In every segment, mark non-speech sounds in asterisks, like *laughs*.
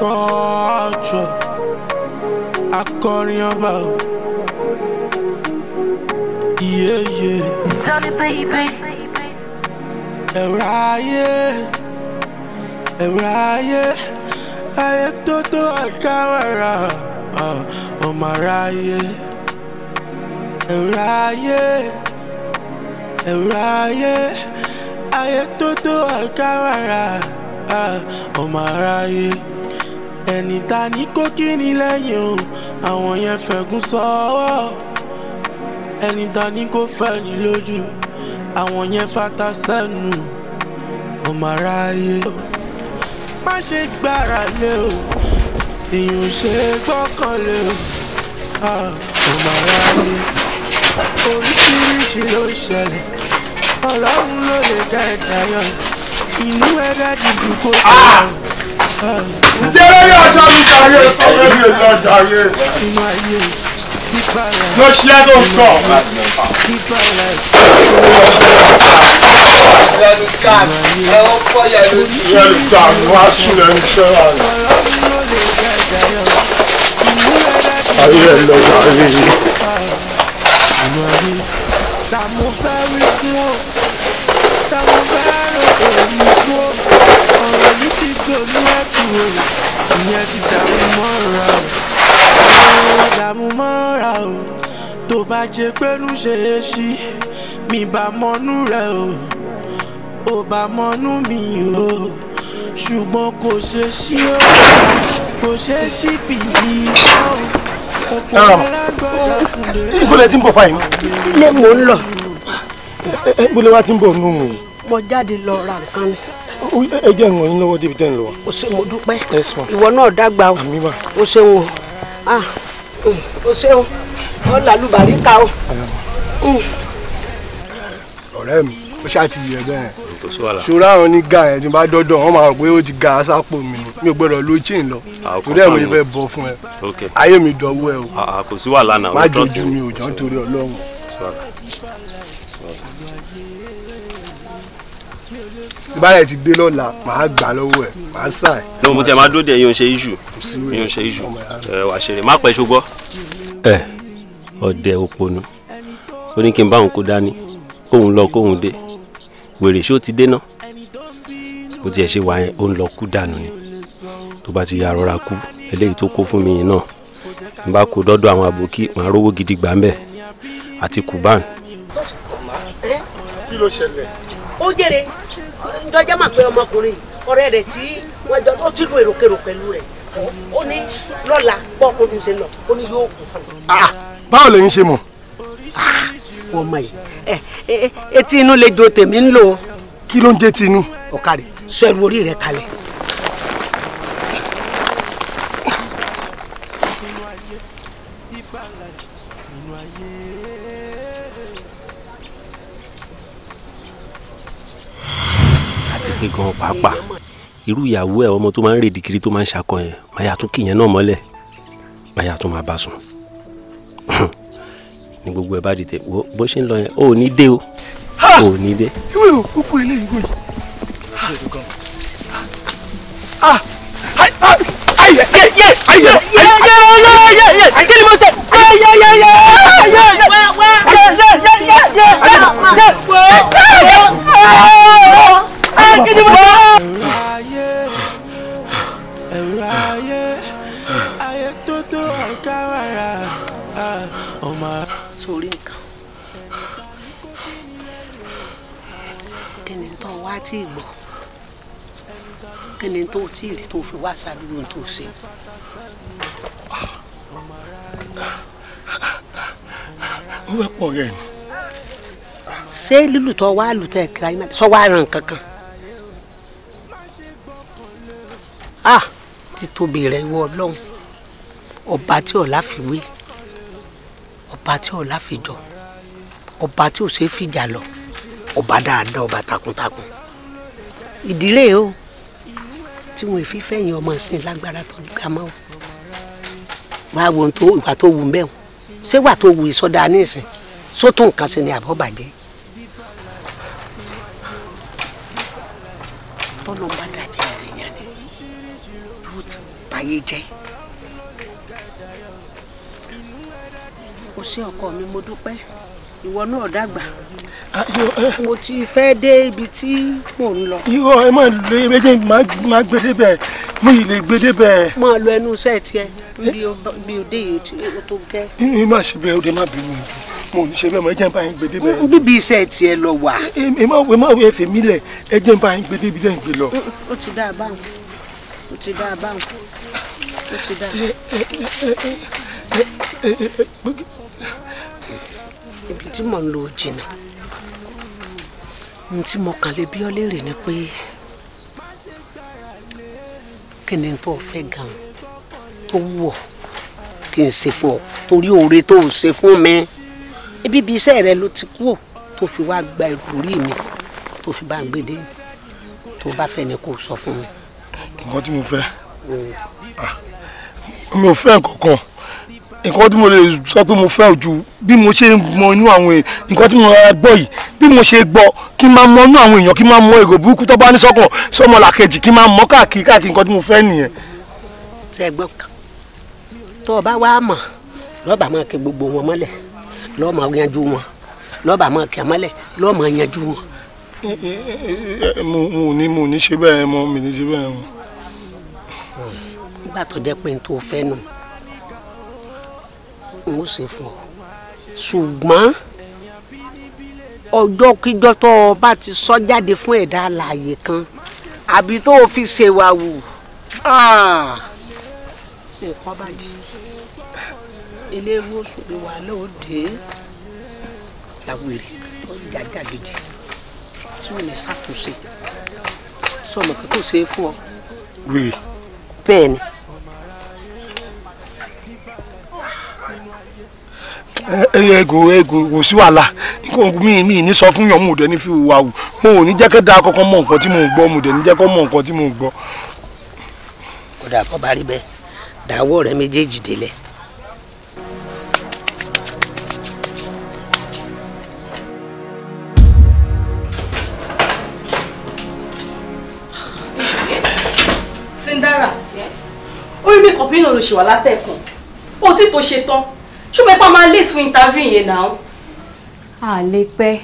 Kọ́ọ̀tù akọrin ọba o. Iyeye. Tell me baby. Ẹ̀rọ ayé ẹ̀rọ ayé ayé tó tó àkàwàrà ọmọ aráyé. Ẹ̀rọ ayé ẹ̀rọ ayé ayé tó tó àkàwàrà ọmọ aráyé ẹni ta ní kó kíni lẹ́yìn o àwọn yẹn fẹ̀gún sọ́wọ́ ẹni ta ní kó fẹ́ ní lójú àwọn yẹn fata sẹ́nu ọmọ aráyé má ṣe gbára lé o èyàn ò ṣe é gbọ́kànlé o ọmọ aráyé oríṣiríṣi ló ń ṣẹlẹ̀ ọlọ́run ló lè dá ẹ̀dá yọ̀. Ah! Ah! Jẹ́rẹ́ ní ọjọ́ mi jàre, ọ̀rẹ́ mi lọ jàre. No share those cups. Lẹ́nu sáà, ẹ ó fọ́ yẹ̀lú. Lẹ́nu sáà, wọ́n á sùn lẹ́nu sẹ́wà rẹ̀. Ayé ẹ̀ lọ jàre ah! yìí. Ta mo fẹ́ wí fún ọ, ta mo fẹ́ ọ̀rọ̀ mi ọ̀rọ̀ mi ti tolú ẹ̀kú òyà ìyẹn ti dààmú mọ́ra o dààmú mọ́ra o tó bá jẹ pẹ́nu ṣe é ṣí mi bá mọ́nú rẹ o ò bá mọ́nú mi o ṣùgbọ́n kò ṣe ṣí o kò ṣe ṣí bí i o ìgbọ́lẹ̀ tí ń bọ̀ fáyín. ilé mò ń lọ. ìgbọ́lẹ̀ wa ti ń bọ̀ nù pọ̀ jáde lọ ra nǹkan ni. ẹ jẹ́ ìwọ̀n yín lọ́wọ́ débi tẹ́ ń lọ. o ṣe mo dúpẹ́ ìwọ náà dàgbà o o ṣeun o ah, mm, o ṣeun o làlùbárí ká o. Mm. ọ̀rẹ́ mi ó ṣáà ti yẹ bẹ́ẹ̀ ṣòro àwọn ní ga yẹn tí n bá dọ́dọ̀ wọn máa rò pé ó ti ga sápò mi ni mi ò gbọ́dọ̀ ló chain lọ torí ah, ẹ̀ mo fẹ́ bọ́ fún ẹ ayé mi dọ̀wọ́ ẹ o ah, má jojú mi ò jọ́ torí ọlọ́run. tí bá rẹ̀ ti dé lọ́la màá gbà lọ́wọ́ ẹ̀ màá sà ẹ̀. lóun mo ti ẹ̀ máa dúró de yíyan ṣe iṣu yíyan ṣe iṣu ẹ wàá ṣeré má pẹ́ ṣogbọ́. ẹ ọdẹ òponu ó ní kí n bá òun kó dání kóun lọ kóun dé wèrè ṣó ti dé náà bó tiẹ̀ ṣe wà yẹn ó ń lọ kú dànù ni tó bá ti ya rọra kú eléyìí tó kó fún mi yìí náà n bá kó dọ́dọ̀ àwọn àbòkí màá rówó gidi gbà ń bẹ̀ àti kuban. ó jèrè tọ́jà mà pé ọmọkùnrin ọ̀rẹ́ rẹ̀ tí wọ́n jọ ó ti lu èròkèrò pẹ̀lú rẹ̀ ó ní lọ́la bọ́ọ̀kùnrin ṣe lọ ó ní yóò kú. Ah, báwo lèyìn ṣe mọ̀. Ah, ọmọ yìí eh, eh, eh, etí inú lè jo tèmi ń lò. kí ló ń jẹ́ tí inú. ọ̀kadì sọ ẹrù orí rẹ̀ kalẹ̀. pàápàá irú ìyàwó ẹ ọmọ tó máa ń rèdí kiri tó máa ń ṣakọ yẹn màyà tún kìyẹn náà mọ́lẹ̀ màyà tún máa bá sùn ní gbogbo ẹ bá dìtẹ̀ bó ṣe ń lọ yẹn ò ní dé o ò ní dé. ìwé o kúkú eléyìí wò kí ni mo ṣe. Yeah kejì mọ́. ẹ̀rọ ayé nǹkan kí ni tó wá tí ì gbọ́ kí ni tó tí ì rí tó fi wá sádúró tó ṣe. ó fẹ́ pọ̀ rẹ̀ ni. ṣé lílù tó wá lù tẹ̀ kíra yín sọ wá ràn kankan. a ah, ti tóbi rẹ ìwọ ọlọ́run ọba tí ọ̀la fi wé ọba tí ọ̀la fi jọ ọba tí ò ṣe fìjà lọ ọba dáadáa ọba takuntakun ìdílé o tí wọn fi fẹ̀yìn ọmọ sí lágbára tó dùkà mọ́ o máa wo tó ìwà tó wù mẹ́wọ̀n ṣé wà tó wù ìsọdá nísìn sótó nǹkan sí ni àbọ̀ bàjẹ́ tọ́lọ́ba ayé jẹ́. o ṣé ọkọ mi mo dúpẹ́ ìwọ náà dàgbà ah, eh. mo ti fẹ́ dé ibi tí mò ń lọ. irọ́ ẹ máa lo ẹ méjì máa gbé débẹ̀ mo yìí lè gbé débẹ̀. máa lo ẹnu iṣẹ́ tiẹ̀ bí o dé yìí tó gẹ́. inú mi máa ṣe bẹ́ẹ̀ ó dé má bínú mi mo ní ṣe bẹ́ẹ̀ mọ ẹ jẹ́ n bá yín gbé débẹ̀. bíbí iṣẹ́ tiẹ̀ lọ wà. ẹ má wọ ẹ fèmí lẹ̀ ẹ jẹ́ bá yín gbé débi dẹ́n gbé lọ. ó ti dáa báwọn ó ti dáa báwọn ó ti dáa. ibi tí mò ń lọ jìnnà ohun tí mo kàn lè bí ọ léèrè ni pé kí ni tó fẹ́ gan-an tó wù kí n ṣe fún ọ torí oore tó o ṣe fún mi ibi ibi iṣẹ́ rẹ ló ti kú ò tó fi wá gba ìrùrí mi tó fi bá ń gbé dé tó bá fẹ́ ni kó o sọ fún mi nǹkan tí mo fẹ́ ah, mi ò fẹ́ nǹkankan nǹkan tí mo lè sọ pé mo fẹ́ ojú bí mo ṣe mọ inú àwọn èèyàn nǹkan tí mo rà gbọ́ yìí bí mo ṣe gbọ́ kí n máa mọ inú àwọn èèyàn kí n máa mọ èrò burúkú tó bá ní sọ́kàn sọmọ làkejì kí n máa mọ káàkiri káàkiri nǹkan tí mo fẹ́ nìyẹn. ṣe gbọ́ tó o bá wá mọ̀ lọ́ọ̀bà máa kẹ gbogbo wọn mọ́lẹ̀ lọ́ọ̀ máa yanjú wọn lọ́ọ̀bà máa kẹ mọ́lẹ̀ lọ́ọ̀ yanjú wọn mo ní mo ní ṣe bẹ́ẹ̀ mọ́ mi ní ṣe bẹ́ẹ̀ mọ́. nígbà tó jẹ́ pé n tó fẹ́ nù n ó ṣe fún ọ ṣùgbọ́n ọjọ́ kíjọ́ tó o bá ti sọ jáde fún ẹ̀dá alààyè kan àbí tó o fi ṣe wà wù ah! nǹkan bàjẹ́ eléwó sòrè wà lóde làwèrè tó ń jà jà gidi tí ò ṣàtúnṣe sọmọ kan tó ṣe é fún ọ. wèrè. bẹ́ẹ̀ ni. ẹyẹ ego ego kò sí wàhálà nǹkan mi mi ní sọ fún yàn mo dẹ ní fi wà wù mo ò ní jẹ́ kẹ́ da kọ́kọ́ mọ nǹkan tí mo ń gbọ́ mo dẹ ní jẹ́ kọ́ mọ nǹkan tí mo ń gbọ́. kódà kọ́ bá rí bẹ́ẹ̀ dáwọ́ rẹ méjèèjì délẹ̀ náà ló ṣe wà látẹ̀kùn ó tí tó ṣe tán ṣùgbọ́n ipa máa late fún interview yẹn náà. a lè pẹ́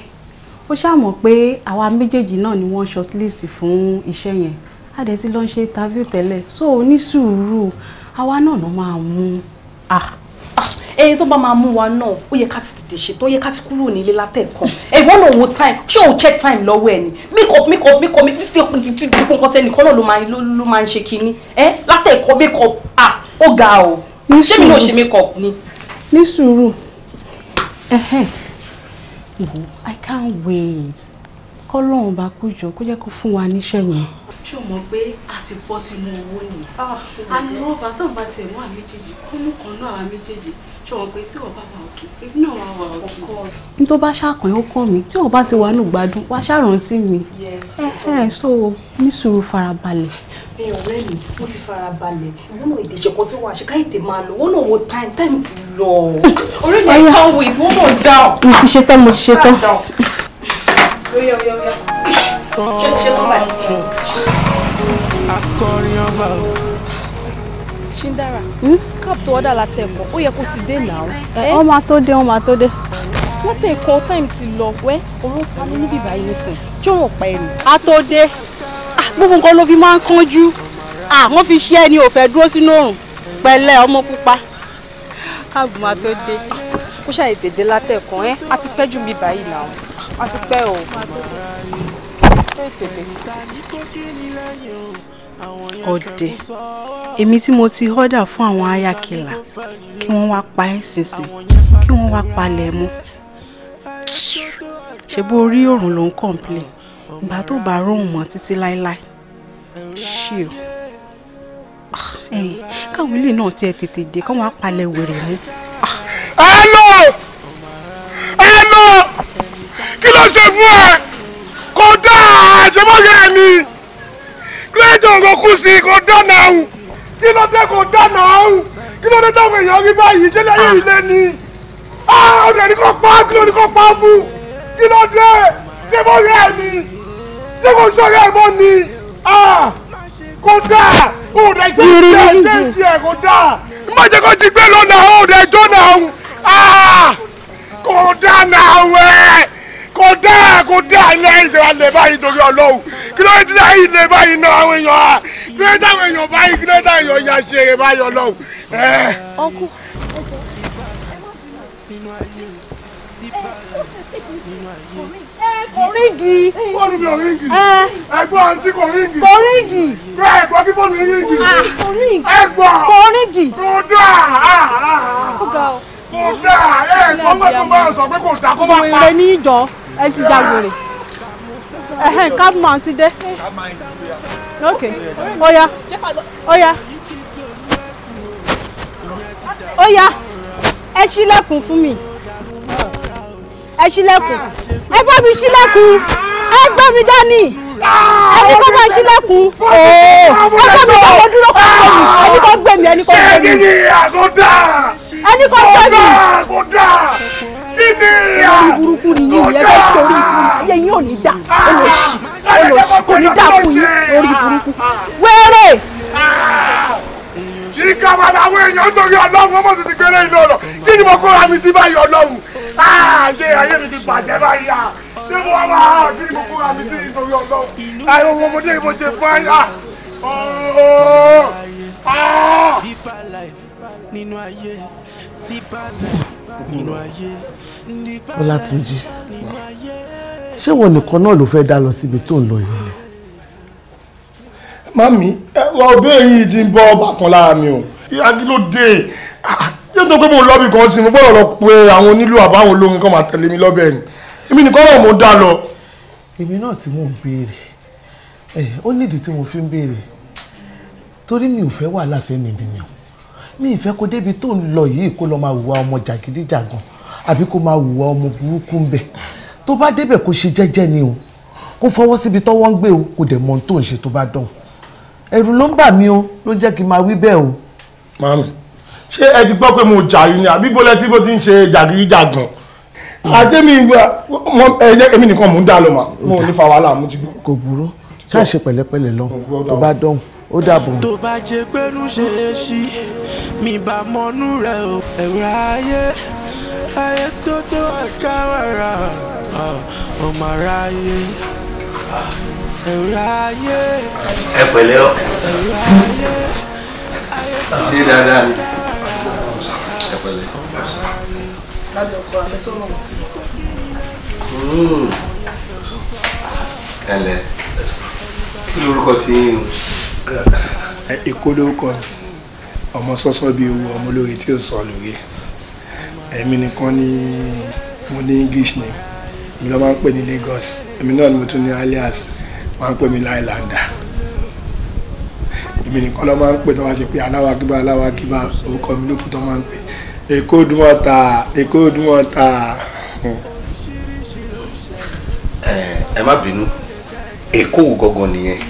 ó ṣàmọ̀ pé àwa méjèèjì náà ni wọ́n shortlist fún iṣẹ́ yẹn a dẹ̀ ti lọ ṣe interview tẹ́lẹ̀ so ní sùúrù àwa náà ló máa mú a. ẹyin tó bá máa mú wa náà ó yẹ ká ti tètè ṣètò ó yẹ ká ti kúrò nílé látẹ̀kàn ẹ wọ́n náà wo time ṣé o check time lọ́wọ́ ẹ̀ ni make up make up make up make up gbogbo nǹkan tẹ́nìkan náà ló máa ń ṣe kinní ẹ látẹ̀kọ́ make up ah ó ga o ṣé mi náà ṣe makeup ni. ní sùúrù ìwò i can't wait kọ́lọ́run bá kú jọ kó jẹ́ kó fún wa níṣẹ́ yẹn. ṣé o mọ̀ pé a ti bọ́ sínú owó nìyẹn. àná ọba tó ń bá ṣe mú àméjèèjì kó mú kan náà àméjèèjì n tó bá ṣàkàn ó kàn mí tí ò bá ti wà nù gbádùn wá ṣàrántí mi so ní sùúrù farabalẹ̀. mi ò rẹ́ mi mo ti farabalẹ̀ nínú èdè ìṣẹ̀kọ́ tí wàá ṣe ká ètè máa lò wọ́n náà wo time time ti lọ ọ̀rẹ́ mi i can't wait wọ́n náà down. mo ti ṣe tán mo ti ṣe tán. ṣé ti ṣe tán báyìí. akọrin ọba o. Shindara hmm? cab tó ọ̀dà látẹ̀kọ̀ ó yẹ kó ti dé náà. Eh, eh? ó máa tó dé ó máa tó dé. wọ́n tẹ̀ kan time ti lọ wẹ́ òun pa mí níbi ìbàyìí nísìn jọ̀wọ́ pa ẹnu. a tó dé ah, gbogbo nǹkan ló fi máa ń kánjú àwọn ah, fi ṣe ẹni ò fẹ́ dúró sínú òrùn pẹ̀lẹ́ ọmọ pupa káàbù máa tó dé. kó ṣàyè tètè látẹ̀kọ̀ ẹ́ eh? a ti pẹ́ jù mí báyìí náà a ti pẹ́ o ọ̀dẹ̀ èmi tí mo ti họ́dà fún àwọn ayakìlà kí wọ́n wá pa ẹ́ sínsìn kí wọ́n wá palẹ̀ mọ́ ṣe bó rí òrùn ló ń kọ̀ǹplẹ̀ ìgbà tó bá róhùn mọ́ títí láéláé ṣé o ah, káwọn ilé náà tiẹ̀ tètè dé káwọn á palẹ̀ wèrè mú. ẹ lọ ẹ lọ kí ló ṣe fún ẹ kò dáa ṣe bọ́ yẹ ẹ ni náà kò kú sí kò dáná ọ̀hún kí ló dé kò dáná ọ̀hún kí ló dé táwọn èèyàn rí báyìí ṣé lẹ́yìn ilé ni ah, ọ̀dọ̀ ni kò pa kí ló ní kò pa fún kí ló dé ṣé mo rí ẹ̀ ni ṣé kò sọ rẹ̀ mọ́ ni ah, kò dáa òòdà ṣe ń jẹ ṣe ń jẹ kò dáa má jẹ́ kó ti gbé lọ́nà òòdà ẹjọ́ náà ọ̀hún ah, kò dáná ọ̀hún ẹ̀ kò dáa kò dáa ilé ayé ṣe lè báyìí torí ọlọ́wù kí ló dé ayé lè báyìí náà àwọn èèyàn á kí ló dé èèyàn báyìí kí ló dé èèyàn ya ṣe eré báyìí ọlọ́wù. kò ríngì. fóònù mi ò ríngì. ẹ̀gbọ́n àǹtí kò ríngì. kò ríngì. bẹ́ẹ̀ gbọ́ kí fóònù yín ríngì. kò kò ríngì. kò dáa. kò dáa. ẹ̀ kọ́ mọ́ tó sọ pé kò dáa kó máa pa ẹ ti jagbèrè ẹhẹn cabman ti dé ok oya oya oya ẹ ṣílẹ̀kùn fún mi ẹ ṣílẹ̀kùn ẹ bá mi ṣílẹ̀kùn ẹ gbé mi dání ẹni kó máa ṣílẹ̀kùn ẹgbẹ́ mi kò dúró kó gbé mi ẹni kó gbé mi ẹni kó gbé mi ẹni kó gbé mi olórí burúkú ni yín yẹn fẹ́ sórí ikú tí eyín ò ní dà olóṣì olóṣì kò ní dà fún yín orí burúkú wẹ́rẹ́. ìka máa da àwọn èèyàn nítorí ọlọ́run wọ́n mọ̀ títí ìlú ọ̀rọ̀ kí ni mo kóra mi sí báyìí ọlọ́run ṣé ah, ayé mi ti bàjẹ́ báyìí à ah. ṣé mo wá wá kí ni mo kóra mi sí nítorí ọlọ́run àwọn ah, ọmọdé mo ṣe fún àyà oh, nínú ayé nínú ayé nínú ayé. Ọlátúnjí ṣé wọn nìkan náà ló fẹ́ dá lọ síbi tó ń lọ yìí ni. mami ọbẹ̀ yìí ti ń bọ́ bàkan lára mi o kí ló dé ṣé tó pé mo lọ́bì kan sí mo gbọ́dọ̀ lọ pe àwọn onílù àbáwọn olórin kan máa tẹ̀lé mi lọ́bẹ̀ ni èmi nìkan náà mo dá lọ. èmi náà tí mò ń béèrè ẹ ó nídìí tí mo fi ń béèrè torí mi ò fẹ́ wàhálà fẹ́mi mi ni o mi ì fẹ́ kó débi tó ń lọ yìí kó lọ́ọ́ máa hùwà ọmọ jàgídíjàgan àbí kó máa hùwà ọmọ burúkú ń bẹ̀ tó bá débẹ̀ kó ṣe jẹ́jẹ́ ni o kó fọwọ́ síbi tọ́wọ́ ń gbé o kò dẹ̀ mọ tó ń ṣe tó bá dán ẹ̀rù ló ń bà mí o ló ń jẹ́ kí n máa wí bẹ́ẹ̀ o. màmí ṣé ẹ ti gbọ́ pé mo jà yìí ni àbí bọ́lá tí mo ti ń ṣe jàgídíjàgàn àjẹmí èmi nìkan mò ń dá lọ mo ò ní fa wàhálà mo ti gbọ́. kò burú ká ṣe pẹ̀lẹ́pẹ̀lẹ́ lọ tó bá dọ̀hùn ó dàbọ̀. tó bá jẹ pẹ́nu ṣe é ṣí mi bá mọ́nú rẹ̀ ò ẹ̀rọ ayé ayé tó tó àkàrà ọmọ aráyé ẹ̀rọ ayé ẹ pẹ̀lẹ́ ọ ẹ̀rọ ayé ṣe dáadáa ni ẹ pẹ̀lẹ́. lábẹ́ ọkọ àfẹ́sọ́nà kí lorúkọ ti yín o. èkó lorúkọ ọmọ sọsọ bíi owó ọmọ olóore tí ò sọ lórí èmi nìkan ni mo ní english name èmi ló máa ń pè ní lagos èmi náà ni mo tún ní alias máa ń pè mí láìlàndà èmi nìkan ló máa ń pè tó bá ṣe pé aláwa kíbá aláwa kíbá orúkọ mi ló kù tó máa ń pè èkó òdùmọ̀ta èkó òdùmọ̀ta. ẹ má bínú èkó wò gangan nìyẹn.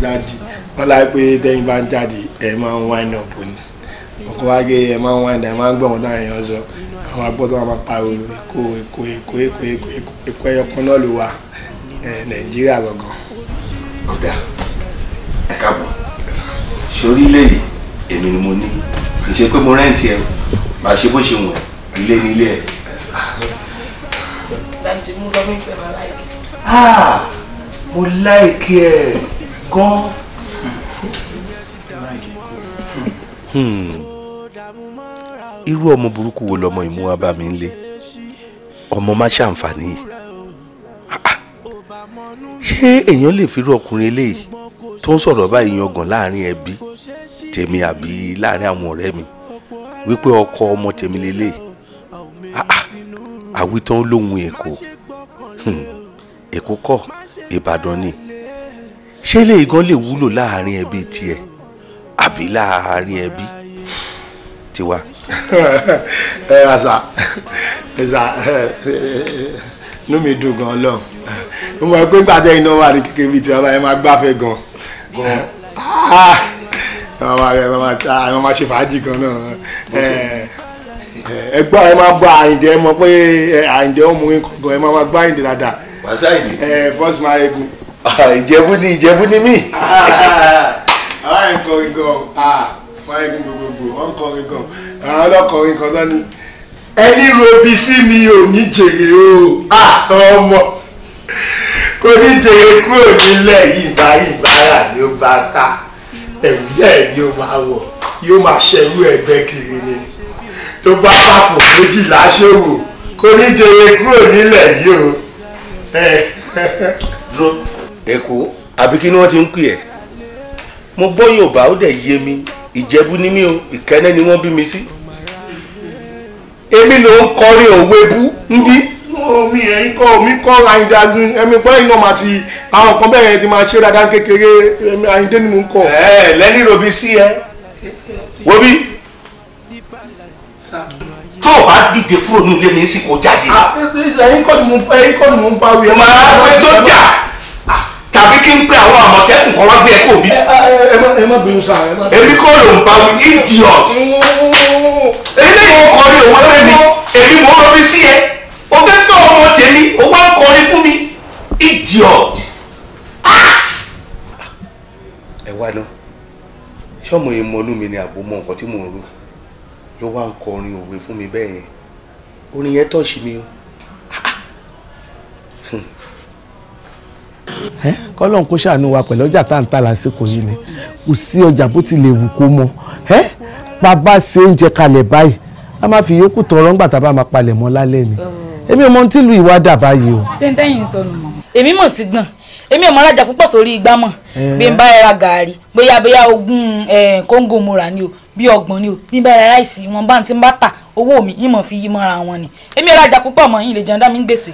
jáde ah, *laughs* wọn láì pé tẹyin bá ń jáde ẹ máa ń wáìnà bò ní ọkọ̀ wa gé ẹ máa ń wá ẹ máa ń gbọ̀n dáhùn èèyàn sọ àwọn agbọ́dọ̀ wọn máa pariwo èkó èkó èkó èkó èkó èkó ẹyọkan náà ló wà nàìjíríà gangan. kódà ẹ káàbọ̀ sórí ilé yìí èmi ni mo ní kì í ṣe pé mo rẹ́ǹtì ẹ bá a ṣe bó ṣe wọ̀ ilé ní ilé ẹ. Ah, mo láìkí ẹ gan. Hmm. hmm irú ọmọ burúkú wo lọmọ ìmúwá bá mi ń lé ọmọ má ṣàǹfààní yìí ṣé èèyàn lè fi irú ọkùnrin eléyìí tó ń sọ̀rọ̀ báyìí yangàn láàrin ẹbí tèmi àbí láàrin àwọn ọ̀rẹ́ mi wípé ọkọ ọmọ tèmi lélẹ̀ àwítán lóhun èkó hmm. èkó kọ́ ìbàdàn ni ṣé eléyìí gan lè wúlò láàrin ẹbí tiẹ̀ àbí láàrin ẹbí tiwa ẹ àṣà ẹ̀sà inú mi dùn gan lọ mo mọ̀ pé gbàtẹ́ iná wà ní kékeré bíi ti bàbá yẹn máa gbáfẹ́ gan gan àwọn ah! máa ṣe fàájì gan náà eh, eh, ẹgbọ́n ẹ máa bá àyìndẹ́ mọ̀ pé eh, àyìndẹ́ ó mú yín gan ẹ máa máa gbá àyìndẹ́ dáadáa fọ́sì máa egun. ìjẹ̀bú ni ìjẹ̀bú ni mí. Ah, ah, àwọn ẹ̀kọ́ igan àwọn ẹ̀kọ́ gbogbogbò wọ́n ń kọ́ igan àwọn ọlọ́kọ̀wé kan náà ni ẹni robi sí mi ò ní jèrè o ọmọ kò ní jèrè kúrò nílẹ̀ ìbá ìbára ni ó bá ta ẹ̀wù yẹ́ ẹ̀ ni ó máa wọ̀ yóò máa ṣẹ̀rú ẹ̀gbẹ́ kiri ni tó bá papò méjìlá ṣòwò kò ní jèrè kúrò nílẹ̀ yìí o. *laughs* dúró èkó àbí kí ni wọ́n ti ń pè ẹ́ mo gbọ́ Yorùbá ó dẹ̀ yé mi ìjẹ̀bú ni mí o ìkẹ́nẹ́ ni wọ́n bí mi sí èmi ló ń kọrin òwe bú níbí. omi ẹ̀yin kọ́ omi kọ́ àyìndá ẹ̀mí gbọ́ ẹ̀yin náà máa ti àwọn kan bẹ́ẹ̀ yẹn ti máa ṣe dáadáa kékeré àyìndé ni mò ń kọ. ẹ lẹ́ni robi sí ẹ wo bí tó o bá dìde kúrò ní ilé mi sí kò jáde. Ah, ẹ̀yin kọ́ ni mo ń bá màá pẹ́ sójà tàbí kí n pe àwọn àmọ̀tẹ́kùn kan wá gbé ẹ kò bí. èmi kò ló ń bá wí idiot. eléyìí ń kọrin òun fẹ́ mi èmi mò ń rọbí sí ẹ o fẹ́ tọ́ ọmọ tèmi o wá ń kọrin fún mi idiot. Ah! ẹ wá ná sọmọ yẹn mọ inú mi ni àbò mọ nǹkan tí mò ń rò ló wá ń kọrin òwe fún mi bẹ́ẹ̀ yẹn orin yẹn tọ́ọ̀ṣì mi o. kọ́lọ́n kó ṣàánú wa pẹ̀lú ọjà tá à ń ta lásìkò yìí ni kò sí ọjà bó ti lè wù kó mọ bàbá ṣe oúnjẹ kalẹ̀ báyìí a máa fi yòókù tọrọ ńgbà tá a bá máa palẹ̀ mọ́ lálẹ́ ni oh. èmi ò mọ ohun tí ìlú ìwà dà báyìí o. ṣé ń tẹ́yìn sọnù mọ́ èmi mọ̀ ti gbọ̀n èmi ò mọ alájà púpọ̀ sórí igbá mọ̀ eh. bí n bá ra gàárì bóyá bóyá ogún eh, kóńgò mo rà ni o bí ọgbọ̀n ni o bí n bá ra ráìsì wọn bá ń ti bá tà owó mi yín mọ̀ fi yí mọ́ra wọn ni èmi alájà púpọ̀ mọ̀ yín lè jẹun dá mi ń gbèsè.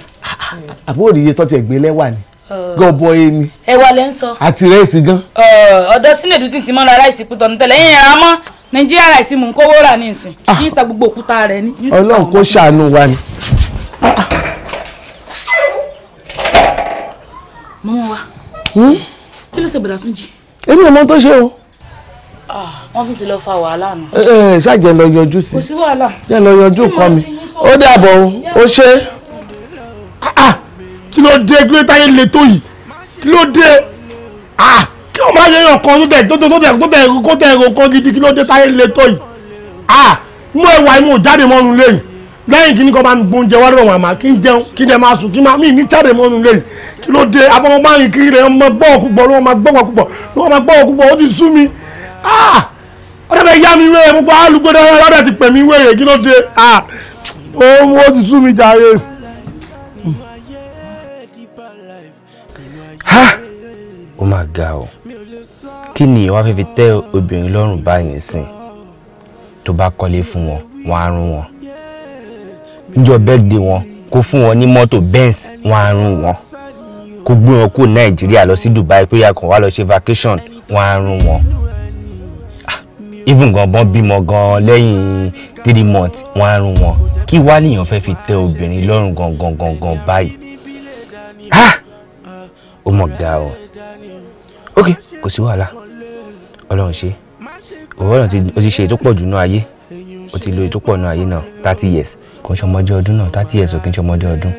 àbúrò iye tó ti ẹ̀ lẹ́wà ni Uh, gọbọ ẹni. ẹ wà lẹ́ ń sọ. àti rẹ́ẹ̀sì gan. Uh, ọ̀dọ̀ sílẹ̀ dùn sí ti mọ́ra aláìsí kú tọ́nu tẹ́lẹ̀ yín àmọ́ nàìjíríà aláìsí mò ń kówó rà ní ìsìn ah. kí n sa gbogbo òkúta rẹ̀ ní. ọlọ́run kó ṣàánú wa ni. mọ́mọ́ wa hmm? kí ló ṣe gbọ̀dọ̀ tún jì. èmi ò mọ tó ṣe o. Ah, wọ́n tún ti lọ fa wàhálà nù. ẹ eh, ẹ eh, ṣáàjẹ́ lọ yọjú sí i. kò sí wàhálà. jẹ́ lọ yọjú kọ́ mi. ó dàbọ̀ o ṣe. ah ah kí ló dé kí ló táyé le tó yìí kí ló dé ah kí o máa yẹyàn kan tó tẹ tó tẹ tó tẹ tó tẹ kó tẹ èrò kan gidi kí ló dé táyé le tó yìí ah mú ẹwà imú jáde mọ́nu lẹ́yìn lẹ́yìn kí ni kò máa ń gbóúnjẹ wá rọrùn àmà kí n jẹun kí n dẹ̀ máa sùn kí n máa mí ní jáde mọ́nu lẹ́yìn kí ló dé abọ́mọ máa yìn kiri rẹ̀ ọmọ gbọ́wọ́ púpọ̀ ló máa gbọ́wọ́ púpọ̀ ló máa gbọ́wọ́ púpọ̀ ó ti sú mi ah ọ̀rẹ́ bẹ yá mi wéyè gbogbo alùpùpù lọ́dẹ̀ ti pè mí wéyè kí ló dé ah ó ti sú mi jàre. ha ó mà ga o kí ni ìwà fífi tẹ́ obìnrin lọ́rùn báyìí sìn tó bá kọ́lé fún wọn wọn á rún wọn níjọ́ bẹ́ẹ̀dẹ̀ wọn kó fún wọn ní mọ́tò benz wọn á rún wọn kó gbé wọn kó nàìjíríà lọ sí dubai pé yàkàn wá lọ ṣe vacation wọn á rún wọn ah, even gan bọ́n bímọ gan lẹ́yìn three months wọn á rún wọn kí wá lèèyàn fẹ́ fi tẹ́ obìnrin lọ́rùn gangan gangan báyìí. ah ó mọ̀ bí a o ok kò sí wàhálà ọlọ́run ṣe òwúrọ̀ o ti ṣe ètò pọ̀ jù náà ayé o ti lo ètò pọ̀ náà ayé náà thirty years kò ń ṣọmọdé ọdún náà thirty years ò kí ń ṣọmọdé ọdún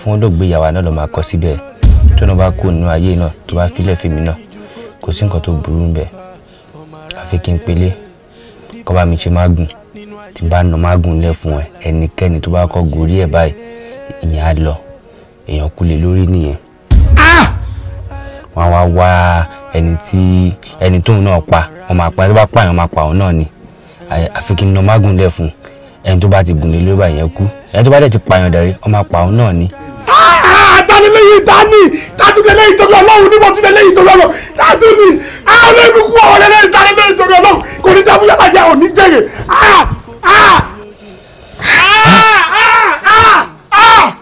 fún olóògbé ìyàwó náà ló máa kọ síbẹ̀ tó náà bá kú nínú ayé náà tó bá filẹ̀ fèmí náà kò sí nǹkan tó burú níbẹ̀ àfi kí n pelé kọ́ bá mi ṣe má gùn tí bá nà má gùn lẹ̀ fún ẹ ẹnikẹ́ni tó bá kọ́ gorí ẹ̀ báyìí ìyẹn á lọ èèyàn kú lé lórí nìyẹn ah! wọ́n á wá wá ẹni tí ẹni tóun náà pa wọ́n máa pa tó bá pààyàn máa pa òun náà ni àfi kí n nà má gùn lẹ̀ fún ẹni tó bá ti gùn lé lórí bá yẹn kú ẹni tó bá dẹ̀ ti pààyàn dẹ̀rẹ́ wọ́n máa pa òun náà ni. àtàlélẹ́yìn ah! dání tàtúndínlẹ́yìn tó lọ́wọ́ òun ní mo tún lẹ́yìn tó lọ́wọ́ tàtúndín àwọn egungun ọ̀rẹ́ lẹ́yìn tàtúndínlẹ́yìn tó lọ́wọ́ kò ní dábúyà lájà ò ní jẹ́yẹ̀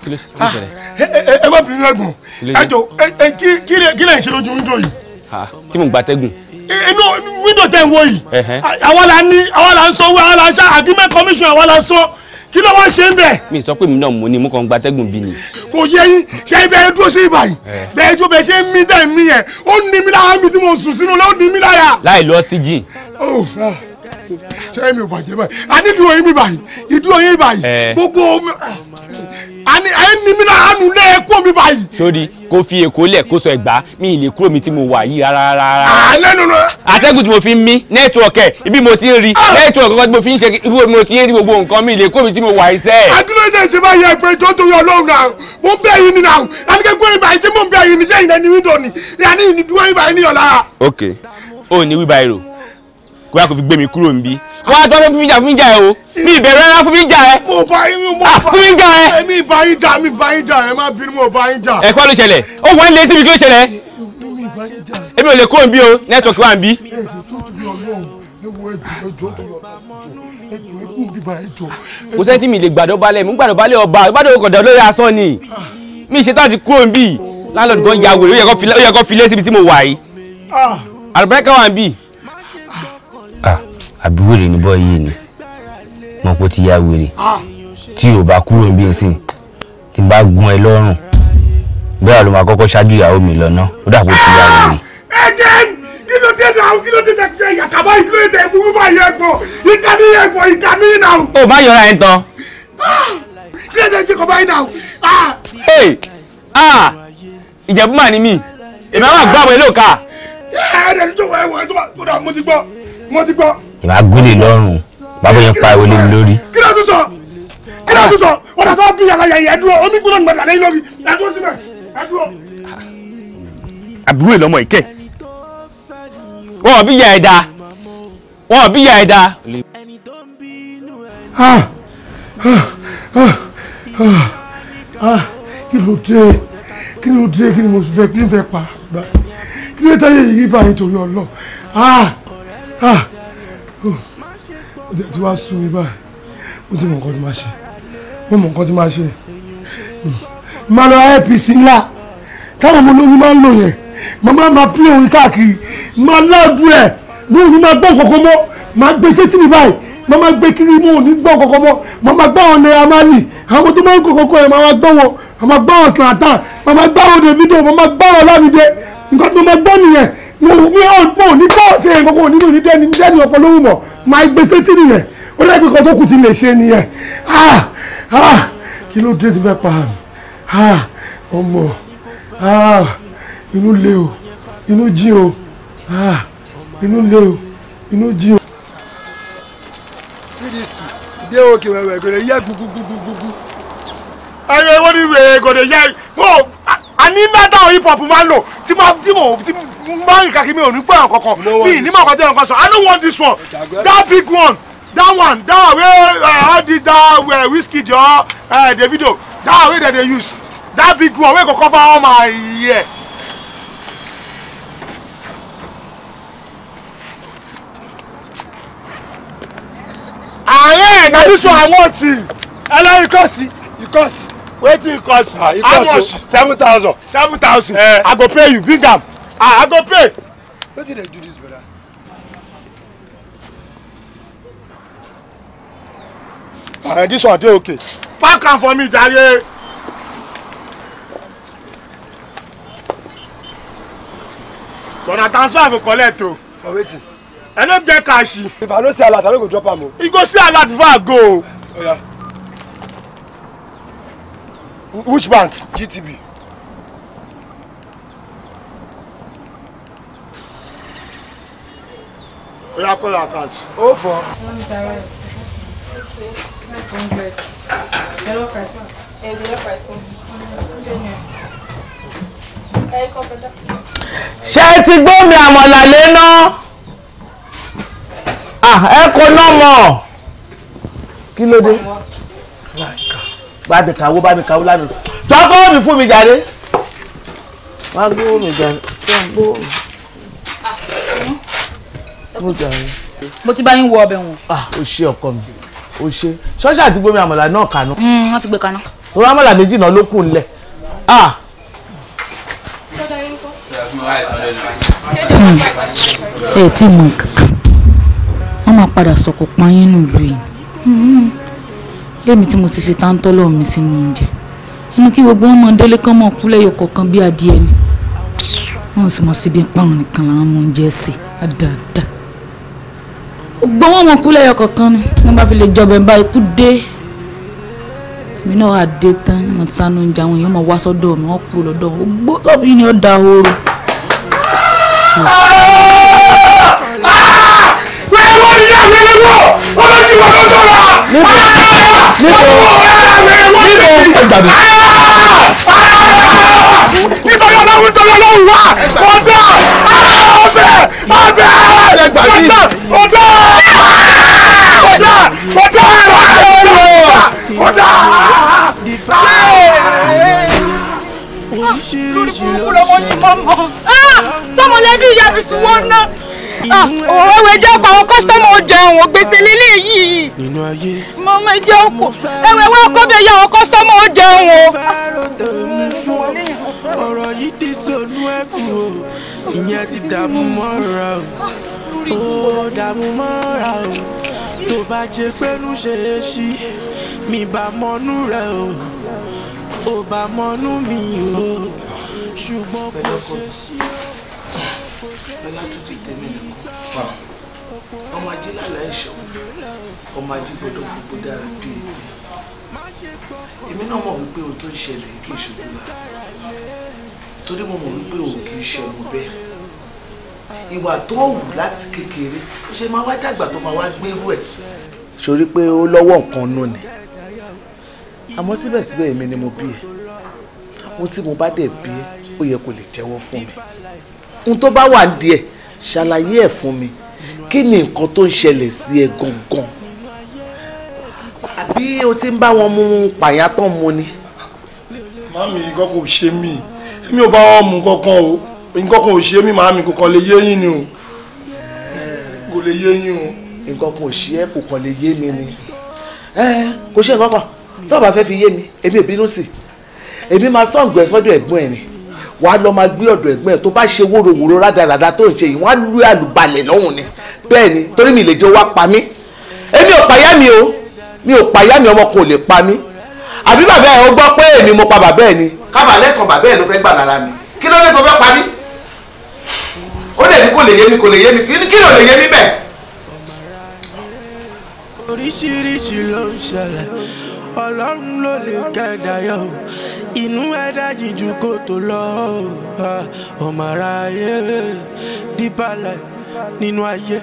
kí ló ṣe kí ló ṣẹlẹ̀ ẹ má bínú ẹ̀gbọ́n ẹ jọ ẹ kí lè ṣe lójú wíńdò yìí. tí mò ń gbatẹ́gùn. inú wíńdò tẹ̀ ń wo yìí àwa la ní àwa la ń sanwó àwa la ń sá agreement commission àwa la sọ kí ló wá ṣe ń bẹ̀. mi sọ pé mi náà mo ni mo kàn gbatẹ́gùn bí ni. kò yẹ yín ṣe ibẹ̀ ẹ dúró sí ibà yìí bẹ́ẹ̀ jó bẹ́ẹ̀ ṣe ń mí dẹ̀ mí yẹn ó ní mi lára mi tí mo sùn sínú ló ní mi lára. láì lọ sí jìn oh, ah. ṣe mi ò bàjẹ́ báyìí a ìdúró yín mi báyìí ìdúró yín báyìí gbogbo ah àní ẹ mi náà àánú lé ẹkọ e mi báyìí. sórí kó fi èkó lẹ̀ kó sọ ẹ̀gbá mi ì lè kúrò mi tí mo wà yìí rárá àlẹ́ nínú. àtẹ́gùn tí mo fi ń mí nẹ́tíwọ̀kì ẹ̀ ibi mo ti ń rí ah. nẹ́tíwọ̀kì kan tí mo fi ń ṣe ibi mo ti ń rí gbogbo nǹkan mi ì lè kúrò mi tí mo wà iṣẹ́. adúlóyè ṣe bá yẹ pé tó torí ọlọ́run náà mo bẹ̀ yín nínú àwọn anigẹ́gbẹ́ yín báyìí tí mo bẹ̀ yín níṣẹ́ ìnáni ni ìyá ní ìdúró yín kó yà kó fi gbé mi kúrò níbí wọ́n á tọ́ fún mi jà fún mi jà ẹ o mi ìbẹ̀rù rárá fún mi jà ẹ. mo bá yín mo ah, bá fún mi jà ẹ. Eh, mi bá yín jà mi bá yín jà ẹ má bínú mo bá yín jà. ẹ kọ́ ló ṣẹlẹ̀ ó wọ́n ń lé síbi kí ló ṣẹlẹ̀. èmi ò lè kúrò níbí o nẹ́tíwọ̀kì wà níbí. kò sẹ́ńtì mi lè gbàdọ̀ balẹ̀ mú gbàdọ̀ balẹ̀ ọba gbàdọ̀ kọ̀dọ̀ lórí asán ni mi ṣe tán ti kúrò níbí landlord gan ya wèrè ó yẹ kó fi lé síbi tí mo wà yìí ah. àlùbáríkà wà níbí àbí wèrè ní bọ́ yìí ni mo kò ti ya wèrè ah. tí o bá kúrò níbi ìsìn tí n bá gún ẹ lọ́rùn bẹ́ẹ̀ ló máa kọ́kọ́ ṣáájú ìyàwó mi lọ́nà ó dà kó ti ya wèrè. ẹ ah! jẹ́ kí ló dé náà kí ló dé tẹ̀ jẹ́ ìyàtà báyìí kí ló dé tẹ̀ ìbúrú báyìí ẹ̀gbọ́n ìka ní ẹ̀gbọ́n ìka ní náà. o má yọra ẹ̀ tán. kí ló dé tí kò báyìí náà. Ah! ìjẹ̀bú mà eh, ní mi èmi àwọn àgbà àwọn ilé òkà. ẹ ẹ ẹ ẹ tó wọ ẹ wọ ẹ tó bá tó dà mo ti gbọ́ mo ti gbọ́ ìmọ̀ agúlè lọ́rùn bàbá yẹn pa ìwọlé mi lórí. kí ló tún sọ kí ló tún sọ wọn dàtọ́ bí alayà yẹn dúró omi gbọ́dọ̀ ní gbàdúrà lẹ́yìn lórí ẹ̀dúró síbẹ̀ ẹ̀dúró. àbúrò ìlọmọ ìkẹ́ wọn bí ya ẹ̀dá wọn bí ya ẹ̀dá. kí ló dé kí ló dé kí ni mo fẹ́ kí n fẹ́ pa kí ló dé táyé yìí báyìí torí ọlọ́ ah ah ọdẹ tí wàá sún mi báyìí mo ti mọ nǹkan tí máa ṣe mo mọ nǹkan tí máa ṣe máa hmm. lọ apc ńlá táwọn ọmọ olóyún máa ń lò yẹn màmá máa pín òun káàkiri máa láàdú ẹ lóun ní máa gbọ́ kọ̀ọ̀kan mọ́ máa gbé sétí mi báyìí máa máa gbé kiri mọ́ òní gbọ́ kọ̀ọ̀kan mọ́ máa máa gbá wọn náírà máa nì àwọn tó máa ń kọ̀ọ̀kan yẹn máa máa gbọ́ wọn máa máa gbá wọn slantan máa máa gbá wọn Davido máa máa gbá wọn Lámídé nǹkan tó máa gbọ́ nìyẹn mi ò bò ní kóòtù yẹn gbogbo nínú ní dẹ́ni dẹ́ni ọ̀pọ̀ lówó mọ̀ máa gbèsè tì nìyẹn ó dàbí kan tó kù ti lè ṣe nìyẹn ah ah kí ló dé ti fẹ́ pa mi ah ọmọ ah inú le o inú jí o ah inú le o inú jí o. sídìsì dé òkè wẹ̀wẹ̀ gòdè yẹ gúgúgúgúgú. ayọ̀ ìwọ́n ni wẹ̀ẹ́ gòdè yẹ mọ́ àní ládà hip hop máa ń lò tí mo tí mo tí mo máa ń rìn káàkiri mi ò ní gbọ́ ẹ̀kọ́ kan mi ní màkàn tó yẹ nǹkan sọ I don't want this one that big one that one that one wey uh, all this that uh, eh, whiskey jọ uh, Davido that one wey dem dey use that big one wey go cover all my ear. ààrẹ ẹ̀ na this one I want you. ẹ lọ ikọ́ sí ikọ́ sí wetin e cost how much seven thousand seven thousand eh. i go pay you bring am ah, i go pay. wetin dey do dis brother. Uh, this one dey okay. pack am for me jare. but na transfer i go collect o. Oh. for wetin. i no get cash. if i no see alert i no go drop am o. Oh. e go see alert before i go o. Oh, yeah which bank GTB. oya call account o four. one direct five hundred zero price one zero price one hundred naira. ẹ kọ́ bẹ́tà. ṣé ẹ ti gbómi àmọ̀là léná ah, ẹ kò náà mọ̀ kí ló dé bá mi kàwó bá mi kàwó lánàá tọ́kọ́ mi fún mi jàre wá gbówó mi jàre tó ń gbówó mi. Ah, mo jàre. mo ti bá yín wọ ọbẹ̀ wọn. ah o ṣe ọkọ mi o ṣe ṣọ́ọ̀ṣì àti gbomi àmàlà náà kànú. Mm, wọ́n ti gbé kaná. torí àmàlà méjì náà ló kù ńlẹ̀ ah. ẹ ti mọ kankan wọn máa padà sọkò pọnyín nílùú yìí. Mm-hmm lèmi tí mo ti fi táńtọ́ lọ́rùn mi sínú oúnjẹ inú kí gbogbo wọn máa délé kán mọ̀ kú lẹ́yọ̀ kọ̀ọ̀kan bí adìẹ ni wọn sì mọ̀ síbi páwọn nìkan làwọn mọ̀ oúnjẹ sí dáadáa gbogbo wọn mọ̀ kú lẹ́yọ̀ kọ̀ọ̀kan ni wọn bá fi lè jọbẹ̀ bá ikú dé èmi náà á dé tán mo ti sánú oúnjẹ àwọn èèyàn mọ̀ wá sọ́dọ̀ mi wọ́n kú lọ́dọ̀ gbogbo tọ́bi ni ó da ooru. Ah! Ah! wẹ́rẹ́ wọ́n ti dá wẹ́rẹ́ wọ́ ìwọ ló dọ̀la. níbo níbo níbo ẹgbàdo. níbo ni ọlọ́run tọ́lọ́ lọ́hùn wá ọ̀dọ́ ọbẹ̀ ọbẹ̀ ọdọ́ ọdọ́ ọdọ́ ọdọ́ ọdọ́ ọdọ́ oríṣiríṣi lọ́mọ yìí mọ́ mọ́ ah! tọmọlẹ́bí ìyá fi sùn wọ́n ná ah, òwe jẹ́ ọ̀pọ̀ àwọn kọ́sítọ́mù ọjà àwọn gbèsè lélẹ́yìí nínú ayé. mo mọ ẹjẹ oko ẹwẹ wá kó bẹ yà àwọn kọ́sítọ́mù ó jẹun o. ọ̀rọ̀ yìí ti sọnù ẹ̀kún o ìyẹn ti dààmú mọ́ra o ó dààmú mọ́ra o tó bá jẹ pẹ́nu ṣe é ṣí mi bá mọ́nú rẹ o ò bá mọ́nú mi o ṣùgbọ́n kò ṣe é ṣí o kò ṣe é ṣí ìgbà ọmọ ajé lálẹ́ ẹ̀ṣọ́ ọmọ ajé gbọ́dọ̀ gbogbo dára bíi èmi náà mọ̀ wípé ohun tó ń ṣẹlẹ̀ kì í ṣojú lásán torí mo mọ̀ wípé òun kì í ṣe ọmọ bẹ́ẹ̀ ìwà tó wù láti kékeré ó ṣe máa wá dàgbà tó máa wá gbé irú ẹ̀. sori pé ó lọ́wọ́ nǹkan nù ni àmọ́ síbẹ̀síbẹ̀ èmi ni mo bí ẹ ohun tí mo bá dẹ̀ bí ẹ ó yẹ kó lè jẹ́wọ́ fún mi ohun tó bá wà díẹ̀ ṣàlàyé ẹ̀ fún mi kí ni nǹkan tó ń ṣẹlẹ̀ sí ẹ gangan àbí o ti ń bá wọn mú pàyà tán mu ni. màmí nǹkan kò ṣe mí èmi ò bá wọn mú kankan o nǹkan kò ṣe mí màmí kò kàn lè yé yín ni o kò lè yé yín o. nǹkan kan ṣe é kò kàn lè yé mi ni kò ṣe nǹkan kan tó o bá fẹ́ fi yé mi èmi ò bínú sí èmi máa sọ̀ǹgù sọ́dọ̀ ẹ̀gbọ́n ẹ̀ ni wàá lọ máa gbé ọ̀dọ̀ ẹ̀gbọ́n ẹ̀ tó bá ṣe wóróworó rádaràda tó ń ṣe yìí wàá lù àlùbalẹ̀ lọ́hùn ni bẹ́ẹ̀ ni torí mi lè jẹ́ wá pa mí èmi ò pàyà mi o mi ò pàyà mi ọmọ kan ò lè pa mí àbí bàbá ẹ̀ ó gbọ́ pé èmi mo pa bàbá ẹ̀ ni kábà lẹ́sàn bàbá ẹ̀ ló fẹ́ gbà lára mi kí ló dé tó fẹ́ pa mí ó dẹ̀ ní kò lè yé mi kò lè yé mi kí ló lè yé mi bẹ́ẹ̀. oríṣiríṣi ló ń ṣẹlẹ̀ ọlọ́run ló lè kẹ́dà yọ inú ẹ̀dá jíjù kò tó lọ ọmọ aráyé deeper life nínú ayé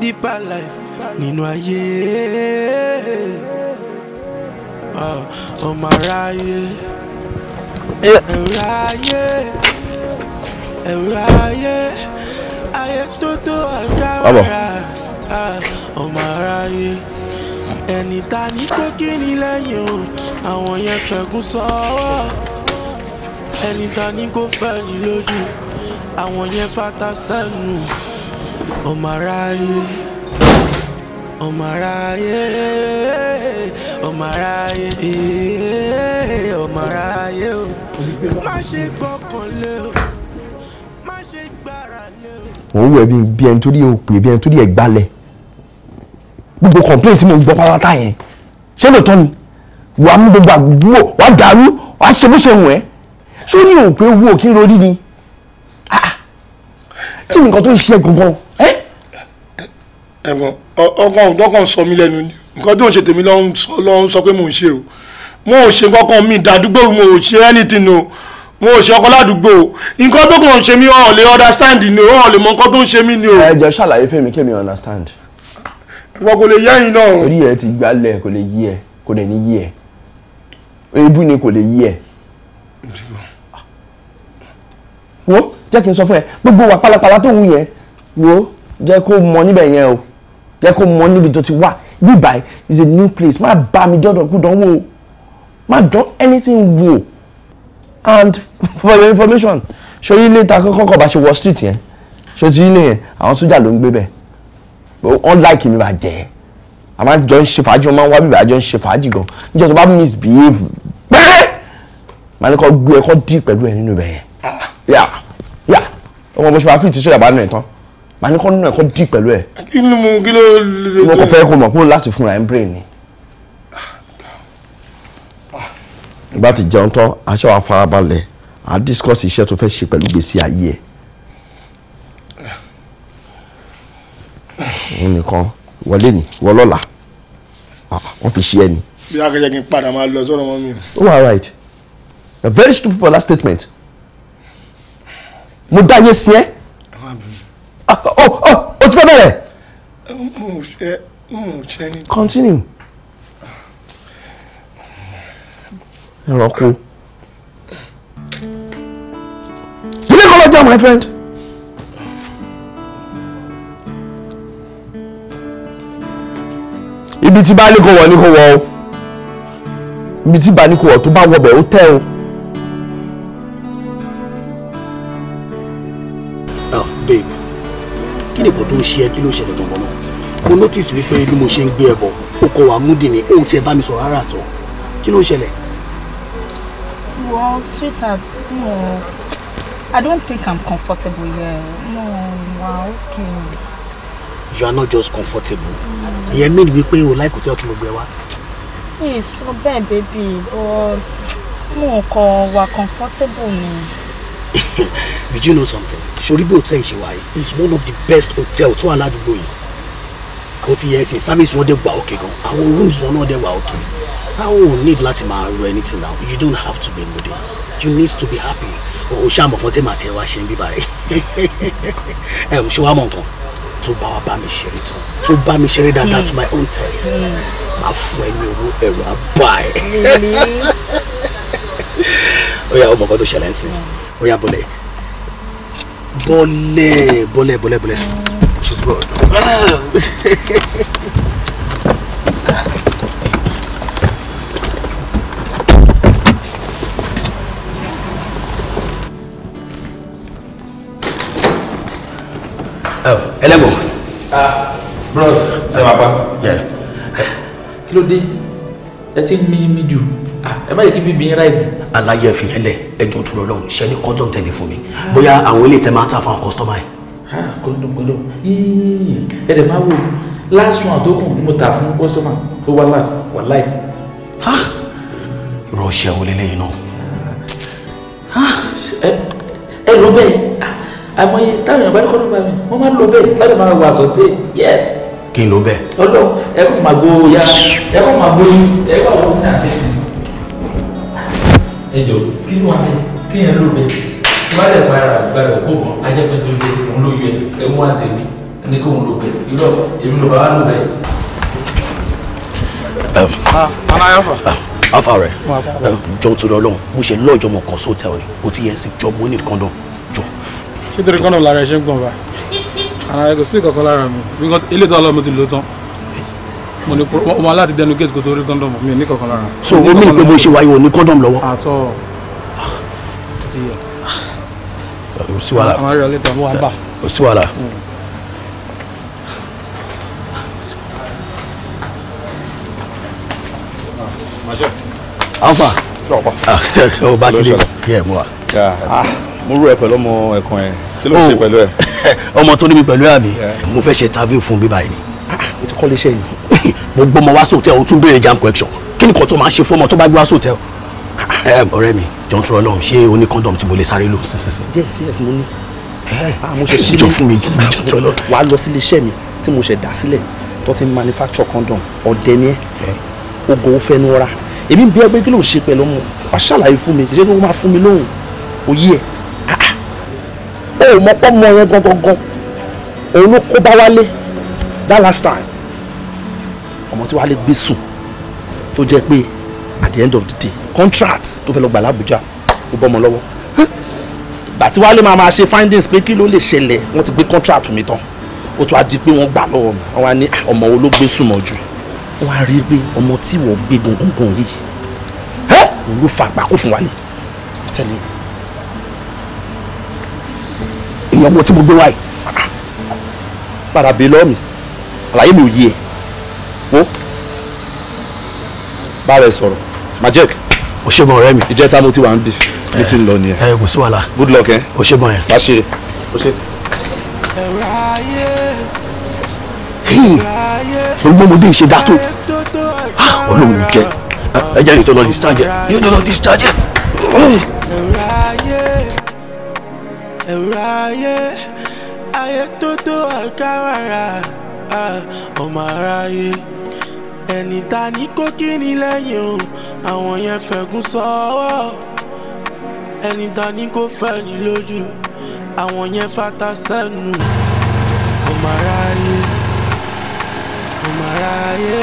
deeper life nínú ayé ọmọ aráyé ẹ̀rọ ayé ẹ̀rọ ayé ayé tó tó àgbà ọmọ aráyé ẹni ta ní kó kí ni lẹ́yìn o àwọn yẹn fẹ̀gún sọ́wọ́ ẹni ta ní kó fẹ́ ni lójú àwọn yẹn fata sẹ́nu ọmọ aráyé ọmọ aráyé ọmọ aráyé ọmọ aráyé o má ṣe gbọ́kàn lé o má ṣe gbára lé o. òun wẹ̀ bí ẹni tó rí òpè bí ẹni tó rí ẹ̀ gbálẹ̀ gbogbo complaint tí mo gbọ́ pátá yẹn ṣé lóòótọ́ ni wàá mú gbogbo àdúgbò wàá dàrú wàá ṣe bó ṣe wù ẹ́ ṣó ní òpè owó kí n rori ni ah, ah, kí ni nǹkan tó ń ṣe gbọ̀ngàn ẹ́. ẹ̀wọ̀n ọkàn ọ̀dọ́kàn sọ mí lẹ́nu ni nǹkan tó ń ṣe tèmi ló ń sọ pé mò ń ṣe o mo ò ṣe kankan mi dàdúgbò mo ò ṣe anything o mo ò ṣe ọkọ ládùúgbò nǹkan tó kàn ń ṣe mí wọn ò lè understand ni o wọn ò lè mọ nǹkan tó ń ṣe mí ni o. ẹ jẹ́ ṣàlàyé fẹ́mi kí mi understand ìwọ kò lè yẹ́yìn náà. orí ẹ ti gbálẹ̀ kò lè yí ẹ kò dẹ̀ ní yí ẹ ebú ni kò lè yí ẹ. wo jẹ́ kí n sọ fún ẹ gbogbo wà pálapàla tó wù yẹn wo jẹ́ kó mọ níbẹ̀ yẹn o jẹ́ kó mọ níbi tó ti wà bíbáyìí is a new place má bá mi dọ́dọ̀ kú dánwò o má dán anything wò and for your information ṣorí ilé ta kọ́kọ́ bá ṣe wọ street yẹn ṣojú ilé yẹn àwọn sójà ló ń gbé bẹ́ẹ̀ wọ́n like mi bàjẹ́ a máa jọ ń ṣe fàájì wọ́n máa ń wá bíbẹ̀ àjọ ń ṣe fàájì gan níjọ́ tó bá misbehave pẹ́ẹ́ màá ní kọ́ gbé ẹ̀kọ́ dì pẹ̀lú ẹ̀ nínú ibẹ̀ yẹn yà yà ọmọ bó ṣe máa fi ìtìṣe ìyàbá nù ẹ̀ tán màá ní kọ́ nínú ẹ̀kọ́ dì pẹ̀lú ẹ̀. inú mu kí ló lè. mo kàn fẹ́ kó mọ̀ kó láti fúnra ẹ̀ ń brain ni. ìgbà tí jẹun tán aṣọ àfarabalẹ̀ à ń discuss iṣẹ́ tó fẹ́ ṣe pẹ̀lú gbèsè ayé ẹ̀ òun nìkan wọlé ni wọlọ́la wọ́n fi ṣe ẹni. bí akẹ́jẹ́ kí n padà máa lọ sọ́dọ̀ mọ́ mi. ó wà oh, right a very stupid for that statement mo dáyé sí ẹ ọ ọ ah, oh, oh, o ti fẹ́ bẹ̀rẹ̀. continue. ẹ̀rọ kú. ilé kọ́ lọ jẹ́ my friend. ibi tí bá ní kò wọ̀ ní o ibi tí bá ní kò tó bá wọbẹ̀ ó tẹ́ o. Ah, babe kí ni nǹkan tó ń ṣe ẹ kí ló ṣẹlẹ̀ gbọ̀ngbọ̀n náà mo notice wípé bí mo ṣe ń gbé ẹ bọ̀ o kò wá múdì ni o ò tiẹ̀ bá mi sọ̀rọ̀ rárá àtọ̀ kí ló ń ṣẹlẹ̀. well sweetheart no i don't think i'm comfortable here no wa wow, okay you are not just comfortable You mean wípé o like hotel tí mo gbé wá. mi ì baby. but mo kàn comfortable ni. *laughs* did you know something soribi hotel ìṣèwà yìí is one of the best hotel tó wà ládùúgbò yìí o ti yẹ yes, service wọn dẹ okay. òkè our rooms wọn náà dẹ wà òkè báwo o need láti or anything now you don't have to be moody you need to be happy o ṣàmọ̀kan tí màá tiẹ̀ wá ṣe ń bíbá rẹ̀ ẹ̀ ṣé wàá mọ̀ tó bá wa bá mi ṣeré tán tó bá mi ṣeré dáadáa to my own taste máa mm. mm. fún ẹ ní owó ẹ̀rọ abá ẹ ó yá ọmọ kan tó ṣẹlẹ̀ ń sìn ó mm. yá bọ́lẹ̀ bọ́lẹ̀ bọ́lẹ̀ bọ́lẹ̀ bọ́lẹ̀ *laughs* ẹlẹ́gbọ̀n. Ah, bros ṣe máa pa. kí ló dé ẹ ti ń mi mi jù ah, ẹ má yẹ kí bíbí yín ráìbù. aláyẹ fi yẹn lẹ ẹjọ tó lọ lọhùn ṣẹ ní kọjọ tẹlẹ fún mi bóyá àwọn ilé tẹ máa ń tà fáwọn kọsítọmà yẹn. kọlọkọlọ ẹ dẹ̀ máa wò last one tó kù ni mo tà fún kọsítọmà tó wá last wà láì. irọ́ ṣẹ́ wọlé lẹ́yìn náà. Ah, ẹ ló bẹ́ẹ̀ àmọye táwọn èèyàn bá ní kọ́nà báyìí wọ́n máa ń lo bẹ́ẹ̀ láti máa wà sọ́sítẹ́ yes. kí n lo bẹ́ẹ̀. ọlọ ẹ kò máa gbowó ya ẹ kò máa gbowó ẹ kò máa gbowó sí àṣẹ ti. ẹ jọ kí ló wà ní kí yẹn lo bẹ́ẹ̀ tí wàá lè pa ara gbàgbọ́ kó mọ ajẹ́pẹ́ tó dé òun ló yẹ ẹ mú àtẹ̀mí ẹni kó òun lo bẹ́ẹ̀ irọ́ èmi ló bá wà lo bẹ́ẹ̀. ọ̀nà ayọ́fọ̀ afa rẹ jọ tó lọ lọhùn mo ṣe lọjọ mọ kan sóòtẹ o ti yẹ ẹ sì jọ mo ní kọndọm ṣé torí kọ́nà lára ẹ ṣe ń gbọ̀n bá ara ẹ kò sí ìkọ̀kọ́ lára mi because ilé tó ọlọ́run mo ti lò tán mo ní ọmọ aláàtí dẹnu gate kò tó rí kọ́ndọ̀mù mi ní kọ̀ọ̀kan lára. so o mi pé bó ṣe wáyé o ní kọ́ndọ̀mù lọ́wọ́. àtọ ti yẹ. o sí wàhálà àwọn ará o sí wàhálà. alfa. sọ pa. ọ ti dé yẹ mo wa mo rú ẹ pẹ̀lú ọmọ ẹ̀kan ẹ kí ló ń ṣe oh. pẹ̀lú ẹ. *laughs* ọmọ tó ní mi pẹ̀lú àbí mo fẹ́ ṣe interview fún bíbá yìí ah, ah, *laughs* mo ti kọ́ léṣẹ́ yìí. mo gbọ́ ọmọ wá sóòtẹ́ o tún béèrè jam collection kí nìkan tó máa ṣe fún ọmọ tó bá gbé wá sóòtẹ́ o. Ah, ọ̀rẹ́ mi jọ̀ọ́ tó Ọlọ́run ṣé o ní kọ́ńdọ̀mù tí mo lè sáré lò sísinsin. yes yes mo ní. Eh, jọ fún mi jọ̀ọ́ tó Ọlọ́run. wàá lọ sí iléeṣẹ́ mi mo ṣẹ̀ dá sílẹ̀ tó ti manufacture condom ọ̀dẹ ni ẹ̀ eh. ogo fẹnu ra èmi bí ẹgbẹ́ kí ló ń ṣe pẹ̀lú ọmọ wàá ṣàlàyé fún mi ṣé kí wọ́n máa fún mi lóhùn òye ẹ̀ o ò mọ́pọ́ mọ yẹn gangan òun ló kó bá wálé that last time ọmọ tí wálé gbé sùn tó jẹ́ pé at the end of the day contract tó fẹ́ lọ gbà lábújá ó bọ́ ọmọ lọ́wọ́ ìgbà tí wálé máa máa ṣe findings pé kí ló lè ṣẹlẹ̀ wọ́n ti gbé contract mi tán ó tún á di pé wọ́n gbà lọ́wọ́ mi wọ́n á ní ah, ọmọ wo ló gbé sùn mọ́ jù wọ́n á rí i pé ọmọ tí wọ́n gbé gungungun yìí òun ló fa àgbákò fún wálé tẹ́lẹ̀ mi. ni ọmọ tí mo gbé wáyé padà bèè lọ́ọ̀mì àlàyé mi ò yé ẹ wo bá rẹ majek. òṣègùn ọ̀rẹ́ mi. ìjẹta mo ti wà ń bì mi ti ń lọ nìyẹn. ẹ kò sí wàhálà. good luck ẹ. òṣègùn yẹn. wá ṣe o ṣe. olùgbọ́n mo dé ìṣe dátó olóhùn mi jẹ ẹ jẹ́ ìtọ́lọ́ discharge ìtọ́lọ́ discharge ẹ̀rọ ayé ayé tó tó àkàràrà ọmọ aráyé ẹni ta ní kó kí ni lẹ́yìn o àwọn yẹn fẹ̀gún sọ́wọ́ ẹni ta ní kó fẹ́ ni lójú àwọn yẹn fata sẹ́nu ọmọ aráyé ọmọ aráyé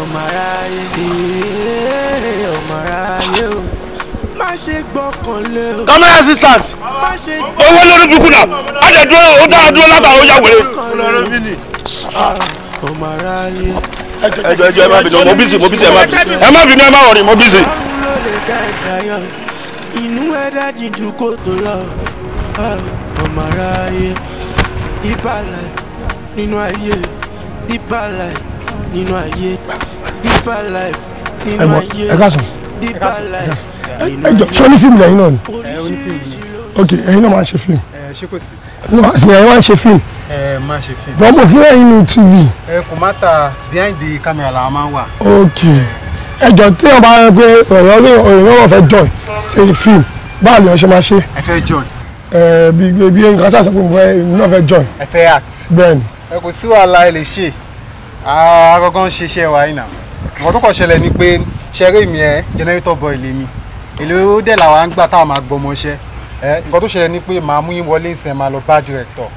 ọmọ aráyé ọmọ aráyé o kamara assistant owó lórí burúkú náà a jẹ dúró ó dára dúró látàrí ó yà wèrè. ẹjọ ẹjọ ẹ má bínú mo bísí mo bísí ẹ má bínú ẹ má bínú ẹ má wọrin mo bísí. inú ẹ̀dá jíjù kò tó lọ ọmọ aráyé ìbàlẹ̀ nínú ayé deeper life nínú ayé deeper life nínú ayé deeper life ẹ jọ ṣé ní fíìmù lẹ́yìn náà ni ok ẹ̀yin náà máa ṣe fíìmù ṣé kò sí. ẹ̀yin máa ṣe fíìmù. ẹ máa ṣe fíìmù. bọ́ọ̀bù kí lẹ́yìn nu tv. ẹ kò má ta behind the camera la máa ń wà. ok ẹ jọ tí wọn bá rẹ pé ọ̀rọ̀ ní ọ̀rọ̀ náà fẹ́ join ṣe fíìmù báwo ni wọ́n ṣe máa ṣe. ẹ fẹ́ join. ẹ bí bí nǹkan ṣàṣọ pé mo náà fẹ́ join. ẹ fẹ́ act. bẹ́ẹ̀ni. ẹ kò sí wàhálà ẹ lè ṣe àgọ́gán ṣiṣẹ́ wa yìí nà. ọ̀rọ̀ tó kọ̀ ṣẹlẹ̀ ni pé ṣẹ́rí mi ẹ jẹnẹrétọ̀ bọ̀ ìlé mi èlò dẹ̀ làwa ń gbà táwọn máa gbọmọ iṣẹ́ ẹ nǹkan tó ṣẹlẹ̀ ni pé màá mú yín wọlé ìsìn máa lọ bá director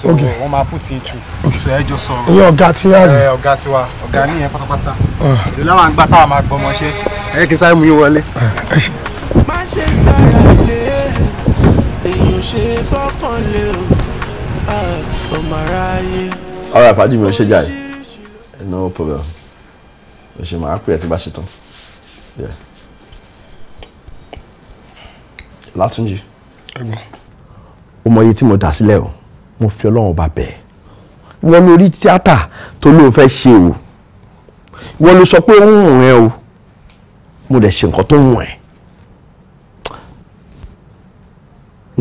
so wọ́n máa put in through so ẹ jọ sọ̀rọ̀ ìyẹn ọ̀gá tí wà ní ọ̀gá tí wà ọ̀gá nìyẹn pátápátá èlò ah. làwa ń gbà táwọn máa gbọmọ iṣẹ́ ẹ kì í sáré mú yín wọlé. Ah, má ṣe gbára lé e. èèyàn ṣe gbọ́kànlé o ah, ọmọ aráyé. ọ̀rọ̀ àpájù mi ò ṣe jà yìí no problem ò ṣe máa pè é tí bá ṣe tán. Yeah. Látúnjì. ẹ̀gbọ́n. o tí mo dà sílẹ̀ o mo fi ọlọ́run ọba bẹ̀ ẹ́ wọ́n lórí tíátà tó lóun fẹ́ ṣe o wọ́n ló sọ pé ó ń wùn o mo dẹ̀ ṣe nǹkan tó ń wùn ẹ́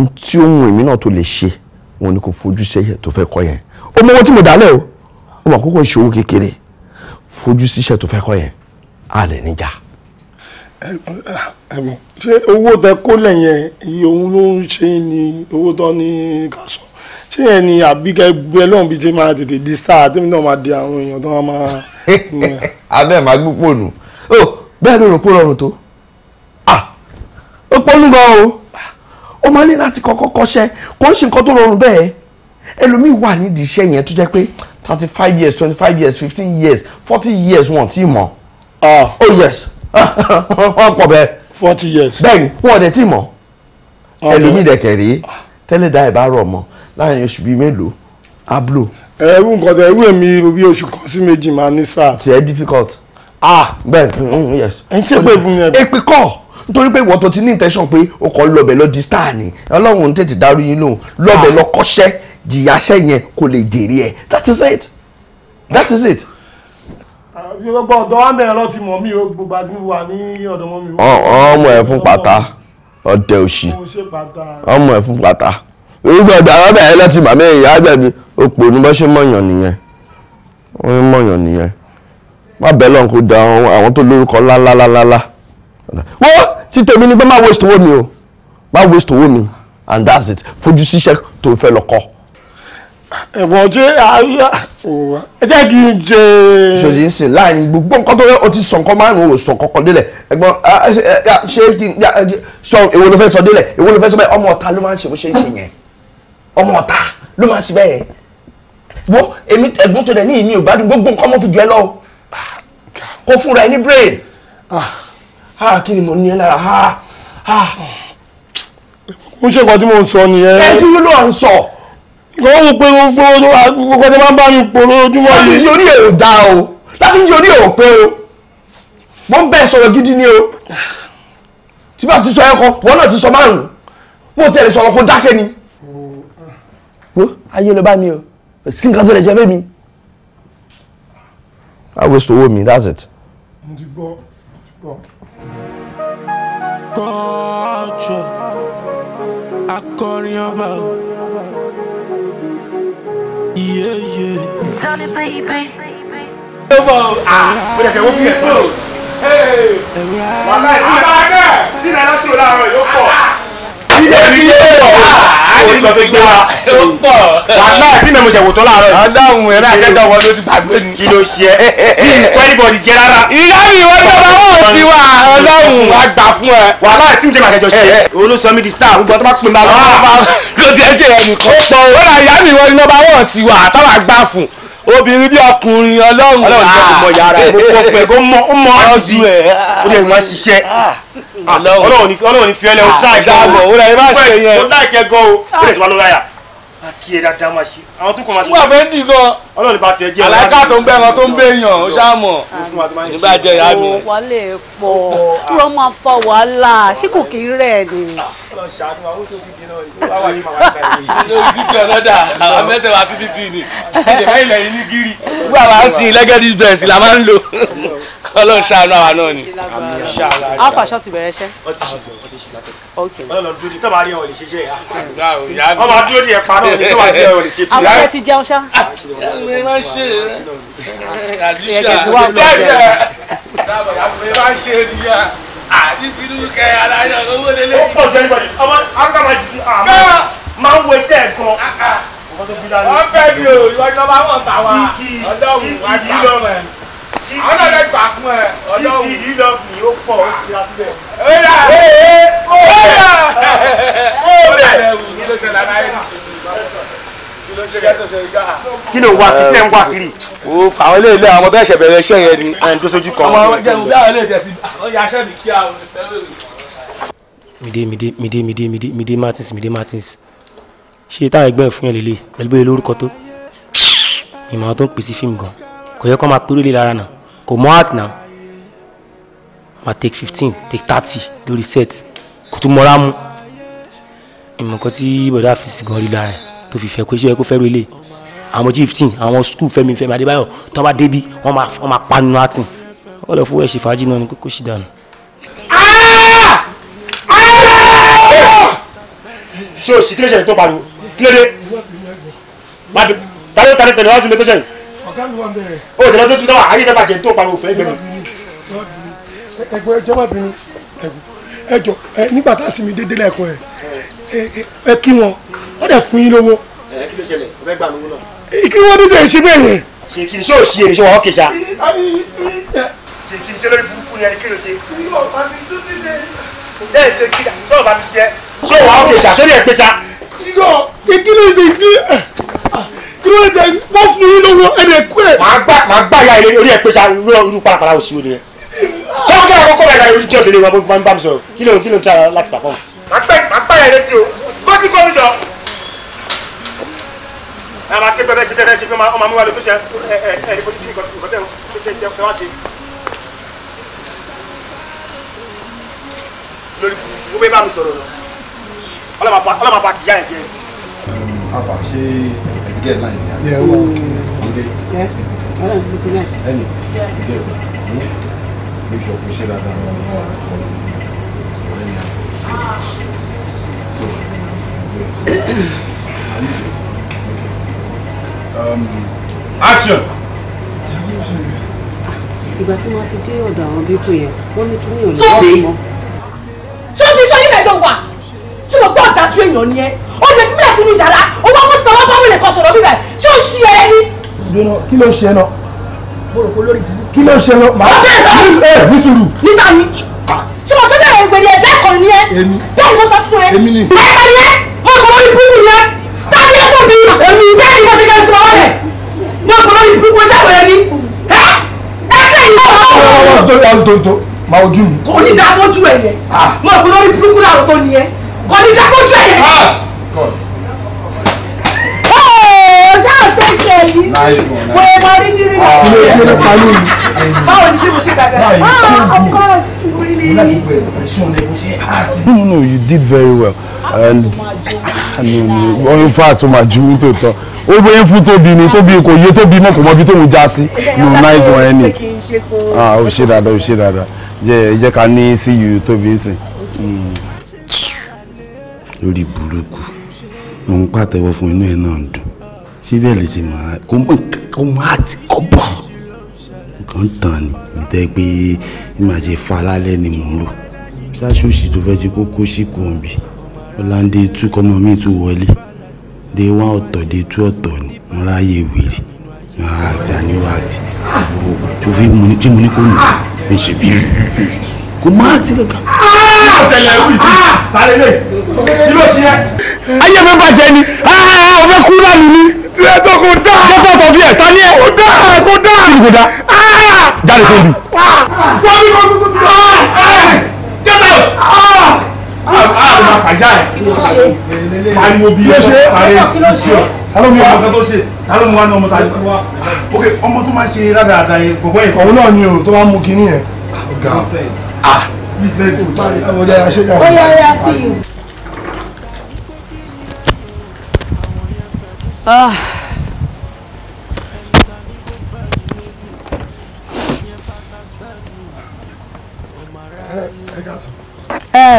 n tí ó ń wùn èmi náà tó lè ṣe wọn ni kò fojú sẹ́yẹ̀ tó fẹ́ kọ́ yẹn o owó tí mo dà lẹ̀ o o mọ àkókò ìṣòwò kékeré fojú síṣẹ́ tó fẹ́ kọ́ yẹn a lè níjà ẹ̀bùn ṣé owó tẹ kó lẹ́yìn iye òun ló ń ṣe ni owó tán ní kásán ṣé yẹn ni àbíkẹ́ gbé lọ́hùn bíi ṣe máa tètè di star àtẹ́mi náà máa di àwọn èèyàn tó máa. *laughs* abẹ́ ẹ̀ máa gbúpọ̀ nù ó oh, bẹ́ẹ̀ ló rò kó rọrùn tó ó pọ́nú gan o ó máa ní láti kọ́kọ́ kọ́ṣẹ́ kó ń ṣe nǹkan tó rọrùn bẹ́ẹ̀ ẹlòmíì wà nídìí iṣẹ́ yẹn tó jẹ́ pé thirty five years twenty five years fifteen years forty years wọn ti mọ̀ ah. oh yes wọ́n pọ̀ bẹ́ẹ̀. forty years. bẹ́ẹ̀ni wọn ò dẹ̀ tí mọ̀ ẹlòmíì dẹ̀kẹ̀ rèé tẹ́lẹ̀ dá ẹ̀ bá rọ̀ mọ́ láàrin oṣù bíi mélòó ablo. ẹrú nǹkan tó ẹrú èmi bí oṣù kan sí méjì máa ní sáà. ti ẹ difficult. ah bẹ́ẹ̀ mm, mm, yes. ẹ ń ṣe pé fún mi ẹ. èpè kọ́ nítorí pé ìwọ tó ti ní intention pé o kò lọ́bẹ̀ lọ di star ni ọlọ́run tètè dárú yín lóhùn lọ́bẹ̀ lọ kọ́ṣẹ́ jìyàṣẹ́ yẹn kò lè jèrè ẹ̀ that is it that is it gbogbo ọ̀dọ́ wa mẹ́rin lọ́ọ́ ti mọ̀ mí o gbogbo àti mi wà ní ọ̀dọ̀ mọ́ mi. ọmọ ẹ̀ fún pata. ọdẹ òsì ọmọ ẹ̀ fún pàtà gbogbo ọ̀dọ̀ àwọn mẹ́rin lọ́ọ́ ti màmí ìyá àjẹbí òpò ní bọ́ ṣe mọ̀yàn nìyẹn wọ́n ń mọ̀yàn nìyẹn má bẹ́ẹ̀ lọ́n kó da àwọn tó lórúkọ lálálálá wọ́n ti tèmi ni pé má waste owó mi o má waste owó mi and that's it fojú síṣẹ́ tó fẹ́ lọ kọ́ ẹ̀wọ̀n ṣé ẹ jẹ́ kí n jẹ. ṣòyí ń sìn láàrin gbogbo nǹkan tó yẹ o ti sọ nǹkan márùn-ún o sọ kọ́kọ́ délẹ̀ ẹ̀gbọ́n ṣé kí n sọ èwo ló fẹ́ sọ délẹ̀ èwo ló fẹ́ sọ bẹ́ẹ̀ ọmọ ọ̀tá ló máa ń ṣe bó ṣe ń ṣe yẹn ọmọ ọ̀tá ló máa ń ṣe bẹ́ẹ̀ wo èmi ẹ̀gbọ́n tó dẹ̀ ní ìmí ò bá dùn gbogbo nǹkan mo fi jù ẹ lọ kó fúnra ẹ ní brain ah kí ni mo ní ẹ lára ah ah. mo ṣe nǹkan tí mo ń sọ nìyẹn. ẹ kò wọ́n mú pé gbogbo gbogbo tó bá ń bá mi pò lójoojúmọ́ yìí. láti ṣe orí èrò dá o láti ṣe orí èrò pé o mo ń bẹ̀ sọ̀rọ̀ gidi ni o tí bá ti sọ ẹ̀kọ́ wọ́n náà ti sọ márùn-ún mo tẹ̀lé sọ̀rọ̀ kó dákẹ́ ni. wo ayé ló bá mi o sí nǹkan tó lè ṣe fẹ́ I waste owó mi that's it. mo ti akọrin ọba o. Yeah, yeah. Tell me, baby. Come on. Ah, what the hell? What the hell? Hey. Wàhálà ìsúná. see that ẹ̀ lọ́sùn láàárọ̀ yóò pọ̀ ilé ilé pọ̀ orílẹ̀ tó gbé wa ó pọ̀ wàhálà tí mẹ́mu ṣe wò tó láàárọ̀ yìí. ọlọ́run ẹ̀rọ àtẹ́tọ̀ wọn ló ti gbàgbé ni. kí ló ṣe ẹ bí ìkọ́nìbọ̀dì jẹ rárá. ìyá ìwọ tó bá wọ̀ sí wa ọlọ́run wa gbà fún ẹ. wàhálà tí jẹ́ màá ṣe ẹ eh, eh. di star gbogbo bá pè mí ah, ló ti ẹ ṣe ẹ ó pọ̀ ó obìnrin bí ọkùnrin ọlọ́run ọlọ́run jẹ́ ọmọ yàrá ẹ̀ mo kọ́ fẹ́ kó mọ ọmọ ọdún ẹ̀ ó lè wá ṣiṣẹ́ ọlọ́run ní fi ẹlẹ́ o tíráì dáàbọ̀ ó lẹ́yìn ah, má ṣe yẹn o tíráì kẹ́gọ́ o ó lè tó wá lọ́ra yà. wọ́n á kí ẹ dáadáa má ṣe àwọn tó kọ́ má ṣe. wọ́n á fẹ́ dì gan-an ọlọ́run bá tiẹ̀ jẹ́ ọ̀la aláìka tó ń bẹ́ wọn tó ń béèyàn ó ṣáàmọ̀ nígbà jẹ́ ìyá mi. wàhálà pọ̀ irọ́ máa fa wàhálà ṣé kò kí rẹ̀ ni. lórí títí ọlọ́dà àwọn mẹ́sẹ̀ wá sí títì ni ìjẹ̀bẹ́ ilẹ̀ yìí ní gírí. gbogbo àwọn àǹsì lẹ́gẹ́dì bẹ̀rẹ̀ sí la máa ń lò ọlọ́run ṣàánú àwa náà ni. alfa ṣọ́ọ̀ṣì bẹ̀rẹ̀ ṣẹ́. ọlọ́run dúró di tọ́ba rí ẹ̀ wọ̀lì ṣiṣẹ́ yà. ọba dúró di ẹ̀ pa náà ni tọ́ba rí ẹ̀ wọ̀lì ṣe fi. àbúrò ti jẹun ṣá mi ránṣẹ́ àdìsá jẹ́jẹ́ dábọ̀ yà mi ránṣẹ́ nìyà àdìsí lùkẹ́ aláyọ̀ owó lélẹ̀. ó pọ̀ jẹ́ ìbàdí ọmọ akọ́mọ jìdí àmọ́ máa ń wo iṣẹ́ gan. wọ́n fẹ́ mi o ìwọ́jọ́ bá wọ̀ kí ló wá kí lè ń wá kiri. o àwọn ilé ilé àwọn bẹ́ẹ̀ ṣe iṣẹ́ yẹn ni. à ń tó sójú kan. mide mide mide mide mide mide martins mide martins ṣe táwọn ẹgbẹ́ fún yẹn lélẹ̀ pẹ̀lú bóyá lórúkọ tó ìmọ̀ tó ń pèsè fíìmù gan kò yẹ kó máa péré lé lára náà kò mọ́ àt náà máa take fifteen take thirty lórí set kò tún mọ́ra mú ìmọ̀ kan tí bọ̀dá fi sí gan rí lára ẹ̀ tó fi fẹ́ kó ṣe kó fẹ́ relé àwọn fifteen àwọn school Fẹ́mi Fẹ́mi Adébáyọ̀ tó bá débi wọ́n máa wọ́n máa panu láti wọ́n lọ fún ẹ̀ṣẹ̀ fàájì náà ni kókó sì dànù. ṣé o sì kí ló ṣẹlẹ̀ tó pariwo kí ló dé madu tani tani tani wá sí lókè sẹ́yìn. ọ̀gá mi o tẹ̀lé ọdún sí mi náà ayé tẹ́ bàjẹ́ tó pariwo fẹ́ gbẹ̀mí. ẹgbẹ́ ìjọba bínú ẹ̀gbọ́n ẹ jọ ẹ nígbà tá a ti mi dédé lẹ́ẹ̀kan ẹ ẹ kí wọn wọ́n dẹ̀ fún yín lówó. ẹ kí ló ṣẹlẹ̀ o fẹ́ gbà lówó náà. kí wọ́n dídé ṣe bẹ́ẹ̀ yẹn. ṣe kí ni ṣé o ṣe èrè ṣe wà ókè sa. ṣe kí ni ṣe lórí burúkú ni ẹni kí ló ṣe. bẹ́ẹ̀ ṣe kí sọ̀rọ̀ bá mi ṣe ẹ́. ṣé wà ókè sa sórí ẹ̀ pé sa. kí ló ṣe kí ló ṣe wọ́n fún yín lówó ẹ̀ kó bàtà orí jẹ́ òdèlè wọn bó ń bá mi sọ̀rọ̀ kí ló kí ló ń tà láti pàpọ̀. màá pẹ́ ẹ̀ létí o kó sì kó mi jọ. ẹ máa ké pẹ́pẹ́ sí pẹ́pẹ́ sí pé ọmọ mi wà lóko ṣe ẹ ẹ ẹ fojú sí nǹkan tẹ́ ẹ wá ṣe. lórí kúkú bẹ́ẹ̀ bá mi sọ̀rọ̀ lọ ọlọ́mà pa tìyà ẹ̀ jẹ́. afa ṣe ẹtìkẹ́ náà ẹ̀ sí àná. ẹ̀ wọ́n ọ̀dẹ́ ẹ̀yìn ẹ̀tìkẹ́ ọ̀dẹ́ make sure kò ṣe dáadáa wọn ní wàhálà tó wọn ní so let me have it so i need you okay um, action. ìgbà tí wọ́n fi dé ọ̀dọ̀ àwọn bíkú yẹn wọ́n ní kí ní òní wọ́n mọ́. tóbi sọ yín mẹ́ẹ̀dọ̀ wà tí mo gbọ́ ọ̀dà tó èèyàn ni ẹ ó lè fi mílẹ̀ sínú yàrá owó mú sọ wọ́n bá wọlé kan sọ̀rọ̀ bíbẹ̀ tí ó ṣí ẹ ní. kí ló ṣe náà mo rò pé lórí burú. kí ló ṣe lọ màá bẹ̀rẹ̀ ní sùúrù. níta ni ṣé mo tún bẹ̀rẹ̀ ìgbèrè ẹ̀jẹ̀ kan ni ẹ bẹ́ẹ̀ ni mo sọ fún ẹ. èmi ni. ẹ̀ka ni ẹ mo kọ lórí burúkú yẹn tábìlì ẹ̀kọ́ mi èmi bẹ́ẹ̀ ni mo ṣe kẹ́rin sọ̀rọ̀ rẹ̀ mo kọ lórí burúkú ṣé àgbẹ̀rẹ̀ ni ẹ ẹ fẹ́ yìí. ọ̀rọ̀ ọ̀rọ̀ ma ojú mi. kò ní dáa fojú ẹ yẹn mo kọ lórí burúkú làwọn tó ni ẹ kò ní dáa fojú ẹ yẹn ṣáà tẹ́ ṣe yìí wọ́n yẹ máa rí nírú no no you did very well and in fact o ma ju n tó tán ó bóyá fún tóbi ni tóbi kò yé tóbi mọ́ kò mọ́ bí tóun já sí no nice one ẹni ah ó ṣe dáadáa ó ṣe dáadáa jẹ́ jẹ́ ká ní sí you tóbi ń sìn. Hmm. lórí burúkú òun pàtẹ́wọ́ fún inú ẹ̀ náà dùn síbẹ̀ lè ṣe máa kó mọ kó máa ti kọ́ bọ̀ nǹkan tàn ní nítorí pé bí màá ṣe fa alálẹ́ ni mò ń rò ṣáṣùṣì tó fẹ́ ṣe kókó sí kòǹbì ọ̀làǹdè tú kọ́mọ mi tún wọlé dé wá ọ̀tọ̀ dé tú ọ̀tọ̀ ni mo ráyè wèrè máa àti àníwá àti tó fi mu ní kí mo ní kó nù mí ṣe bí kò má àti kankan. ayé mi bàjẹ́ ni ọ̀fẹ́ ah, ah, ah, kú lánàá ni tiẹ̀ tó kò dá. kókó tó fi ẹ̀ ta ní ẹ̀. kò dá kò dá. kí ni kò dá. jáde tó bi. wọ́n mi kò tó tó. get out. àrùn àjà ẹ̀. pariwo bí ẹ pariwo bí ẹ. alo mi ọmọ kan tó ṣe alo mi wà ní ọmọ ta ni. ok ọmọ tó máa ṣe rádaràda yẹn bọ̀bọ̀ yẹn. òun náà ni o tó máa mú kinní yẹn. Ah, ọ̀gá ah. business coach. ó yà á ṣe yà. ó yà á yà sí i. ẹ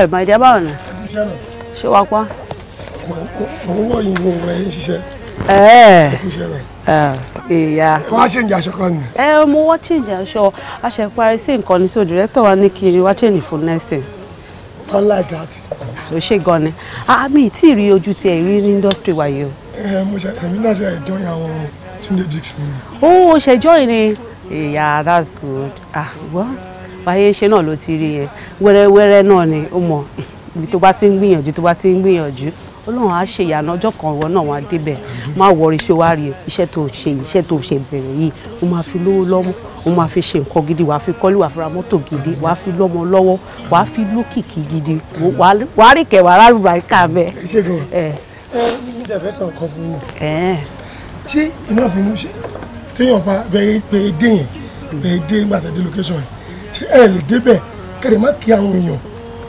mà ìdí abáwọn nà ṣé wàá pa. òun wọ yìí wọn ẹ ń ṣiṣẹ́. ẹ ẹ ìyá. wọ́n á change aṣọ kan ni. ẹ eh, mo wọ́n change aṣọ aṣẹ parí sí nǹkan ní so director wa ní kiri wá change fún next time. not like that. ó ṣe gan ni àmì ah, tí ì rí ojú tiẹ̀ rí ní industry wa yìí o mo ṣe èmi náà ṣe join àwọn Tunde Dixon. Oh, ó ṣe join ni yeah that's good ah well báyé ṣe náà ló ti rí yẹn wẹ́rẹ́wẹ́rẹ́ náà ni ó mọ̀ ibi tó bá ti ń gbìyànjú tó bá ti ń gbìyànjú ọlọ́run á ṣe ìyànà ọjọ́ kan ìwọ náà wàá débẹ̀ má wọrí ṣé wàá rí iṣẹ́ tó ṣe iṣẹ́ tó ṣe bẹ̀rẹ̀ yìí ó máa fi lówó lọ́mú ó máa fi ṣe nǹkan gidi wàá fi kọ́lé wàá fi ra mọ́tò gidi wàá fi lọ́mọ lọ́wọ́ wàá fi lókìkí gidi wàá rí kẹwàá rárúbáríkà bẹ́ẹ̀ ẹ mi dẹ̀fẹ́ sọ̀rọ̀ kan fún mi. ṣé iná ìfínú ṣe téèyàn bá bẹ̀rẹ̀ pé dé yẹn bẹ̀rẹ̀ dé gbàtà dé location yẹn ṣé ẹ lè débẹ̀ kẹ̀rẹ̀ má kí àwọn èèyàn